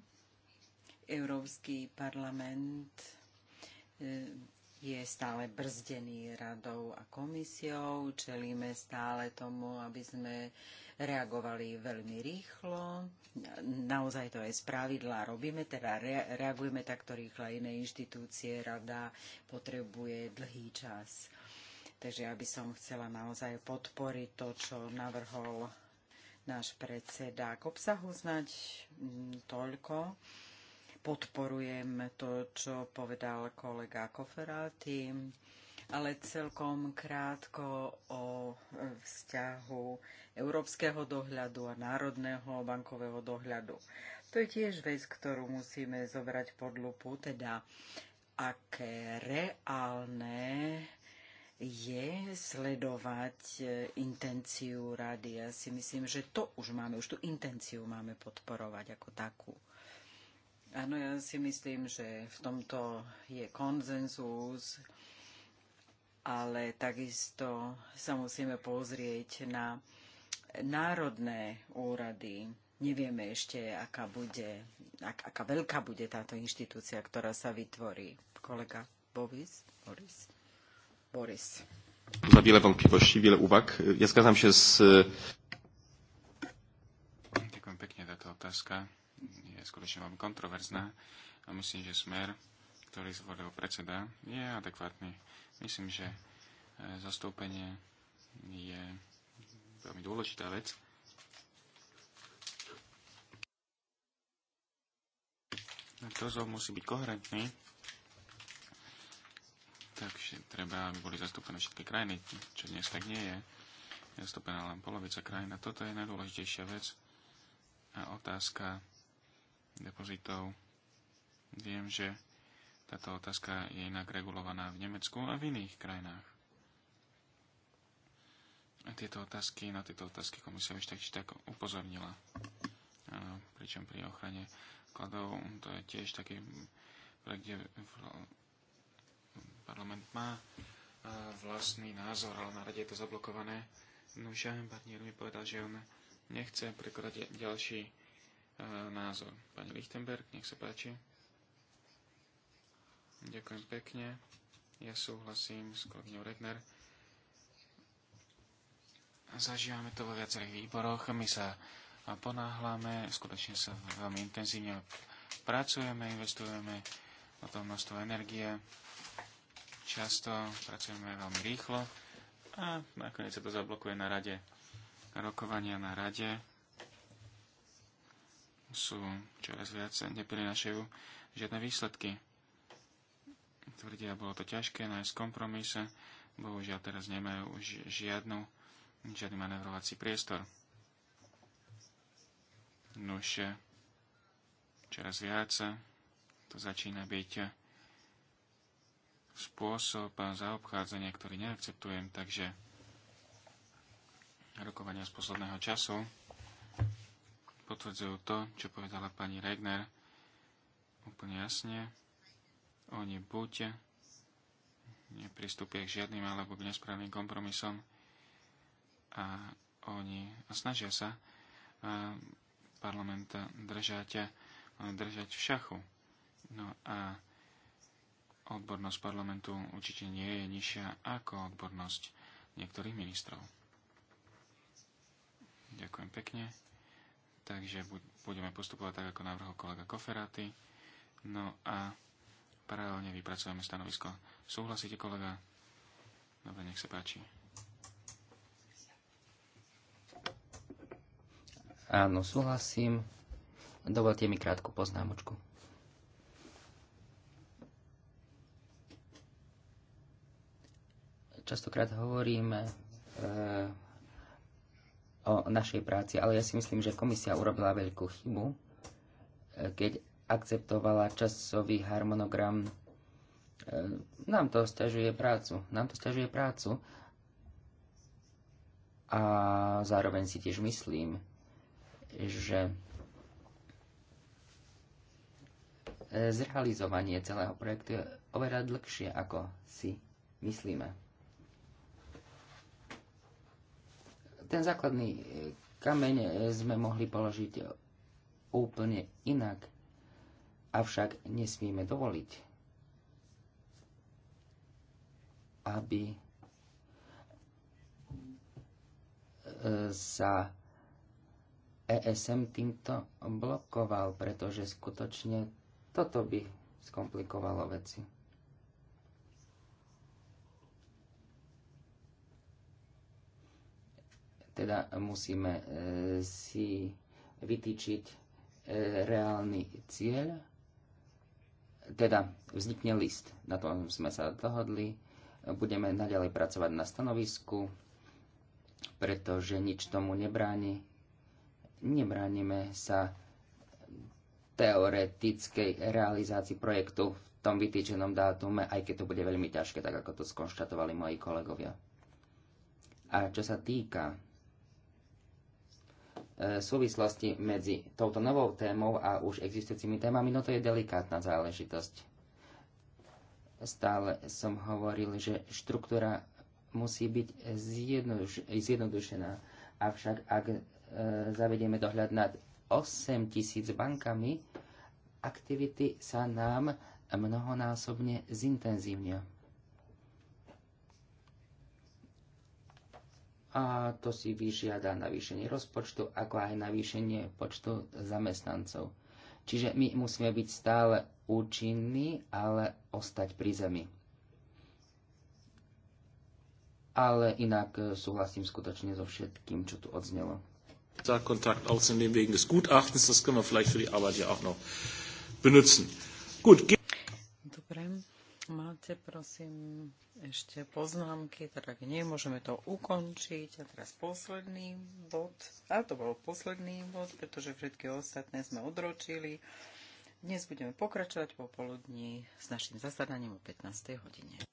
Európsky parlament eh, je stále brzdený radou a komisiou. Čelíme stále tomu, aby sme reagovali veľmi rýchlo. Naozaj to aj z pravidla robíme, teda reagujeme takto rýchlo. Iné inštitúcie, rada potrebuje dlhý čas. Takže ja by som chcela naozaj podporiť to, čo navrhol náš predseda. K obsahu znať mm, toľko podporujem to, čo povedal kolega Koferáty, ale celkom krátko o e, vzťahu európskeho dohľadu a národného bankového dohľadu. To je tiež vec, ktorú musíme zobrať pod lupu, teda aké reálne je sledovať e, intenciu rady. Ja si myslím, že to už máme, už tú intenciu máme podporovať ako takú. Áno, ja si myslím, že v tomto je konzenzus, ale takisto sa musíme pozrieť na národné úrady. Nevieme ešte, aká, bude, ak, aká veľká bude táto inštitúcia, ktorá sa vytvorí. Kolega Bovis? Boris? Boris. Za veľa vonkivoští, veľa úvak. Ja zgadzam že z... Ďakujem pekne, za táto otázka je skutočne veľmi kontroverzná a myslím, že smer, ktorý zvolil predseda, je adekvátny. Myslím, že e, zastúpenie je veľmi dôležitá vec. Dozov musí byť koherentný, takže treba, aby boli zastúpené všetky krajiny, čo dnes tak nie je. Je zastúpená len polovica krajina. toto je najdôležitejšia vec a otázka depozitov. Viem, že táto otázka je inak regulovaná v Nemecku a v iných krajinách. A tieto otázky, na tieto otázky komisia už tak či tak upozornila. Áno, pričom pri ochrane kladov. to je tiež taký projekt, kde parlament má vlastný názor, ale na rade je to zablokované. No Šahem Barnier mi povedal, že on nechce prekonať ďalší E, názor. Pani Lichtenberg, nech sa páči. Ďakujem pekne. Ja súhlasím s kolegyňou Regner. Zažívame to vo viacerých výboroch. My sa ponáhľame, skutočne sa veľmi intenzívne pracujeme, investujeme o tom množstvo energie. Často pracujeme veľmi rýchlo a nakoniec sa to zablokuje na rade rokovania na rade sú čoraz viac neprinašajú žiadne výsledky. Tvrdia, bolo to ťažké nájsť kompromis, bohužiaľ teraz nemajú už žiadnu, žiadny manevrovací priestor. Nuž, čoraz viac to začína byť spôsob zaobchádzania, ktorý neakceptujem, takže rokovania z posledného času potvrdzujú to, čo povedala pani Regner úplne jasne. Oni buď nepristúpia k žiadnym alebo k nesprávnym kompromisom a oni a snažia sa a parlamenta držať, držať v šachu. No a odbornosť parlamentu určite nie je nižšia ako odbornosť niektorých ministrov. Ďakujem pekne takže budeme postupovať tak, ako navrhol kolega Koferaty. No a paralelne vypracujeme stanovisko. Súhlasíte, kolega? Dobre, nech sa páči. Áno, súhlasím. Dovolte mi krátku poznámočku. Častokrát hovoríme eh, o našej práci, ale ja si myslím, že komisia urobila veľkú chybu, e, keď akceptovala časový harmonogram. E, nám to stiažuje prácu. Nám to stiažuje prácu. A zároveň si tiež myslím, že e, zrealizovanie celého projektu je oveľa dlhšie, ako si myslíme. ten základný e, kameň e, sme mohli položiť úplne inak, avšak nesmieme dovoliť, aby e, sa ESM týmto blokoval, pretože skutočne toto by skomplikovalo veci. Teda musíme e, si vytýčiť e, reálny cieľ, teda vznikne list, na tom sme sa dohodli, budeme naďalej pracovať na stanovisku, pretože nič tomu nebráni. Nebránime sa teoretickej realizácii projektu v tom vytýčenom dátume, aj keď to bude veľmi ťažké, tak ako to skonštatovali moji kolegovia. A čo sa týka E, súvislosti medzi touto novou témou a už existujúcimi témami, no to je delikátna záležitosť. Stále som hovoril, že štruktúra musí byť zjednodušená. Avšak ak e, zavedieme dohľad nad 8 tisíc bankami, aktivity sa nám mnohonásobne zintenzívňujú. a to si vyžiada navýšenie rozpočtu, ako aj navýšenie počtu zamestnancov. Čiže my musíme byť stále účinní, ale ostať pri zemi. Ale inak e, súhlasím skutočne so všetkým, čo tu odznelo. Kontakt aufzunehmen wegen des Gutachtens, das können wir vielleicht für die Arbeit ja auch noch benutzen. Gut, Máte, prosím, ešte poznámky, teda ak nie, môžeme to ukončiť. A teraz posledný bod. A to bol posledný bod, pretože všetky ostatné sme odročili. Dnes budeme pokračovať popoludní s našim zasadaním o 15. hodine.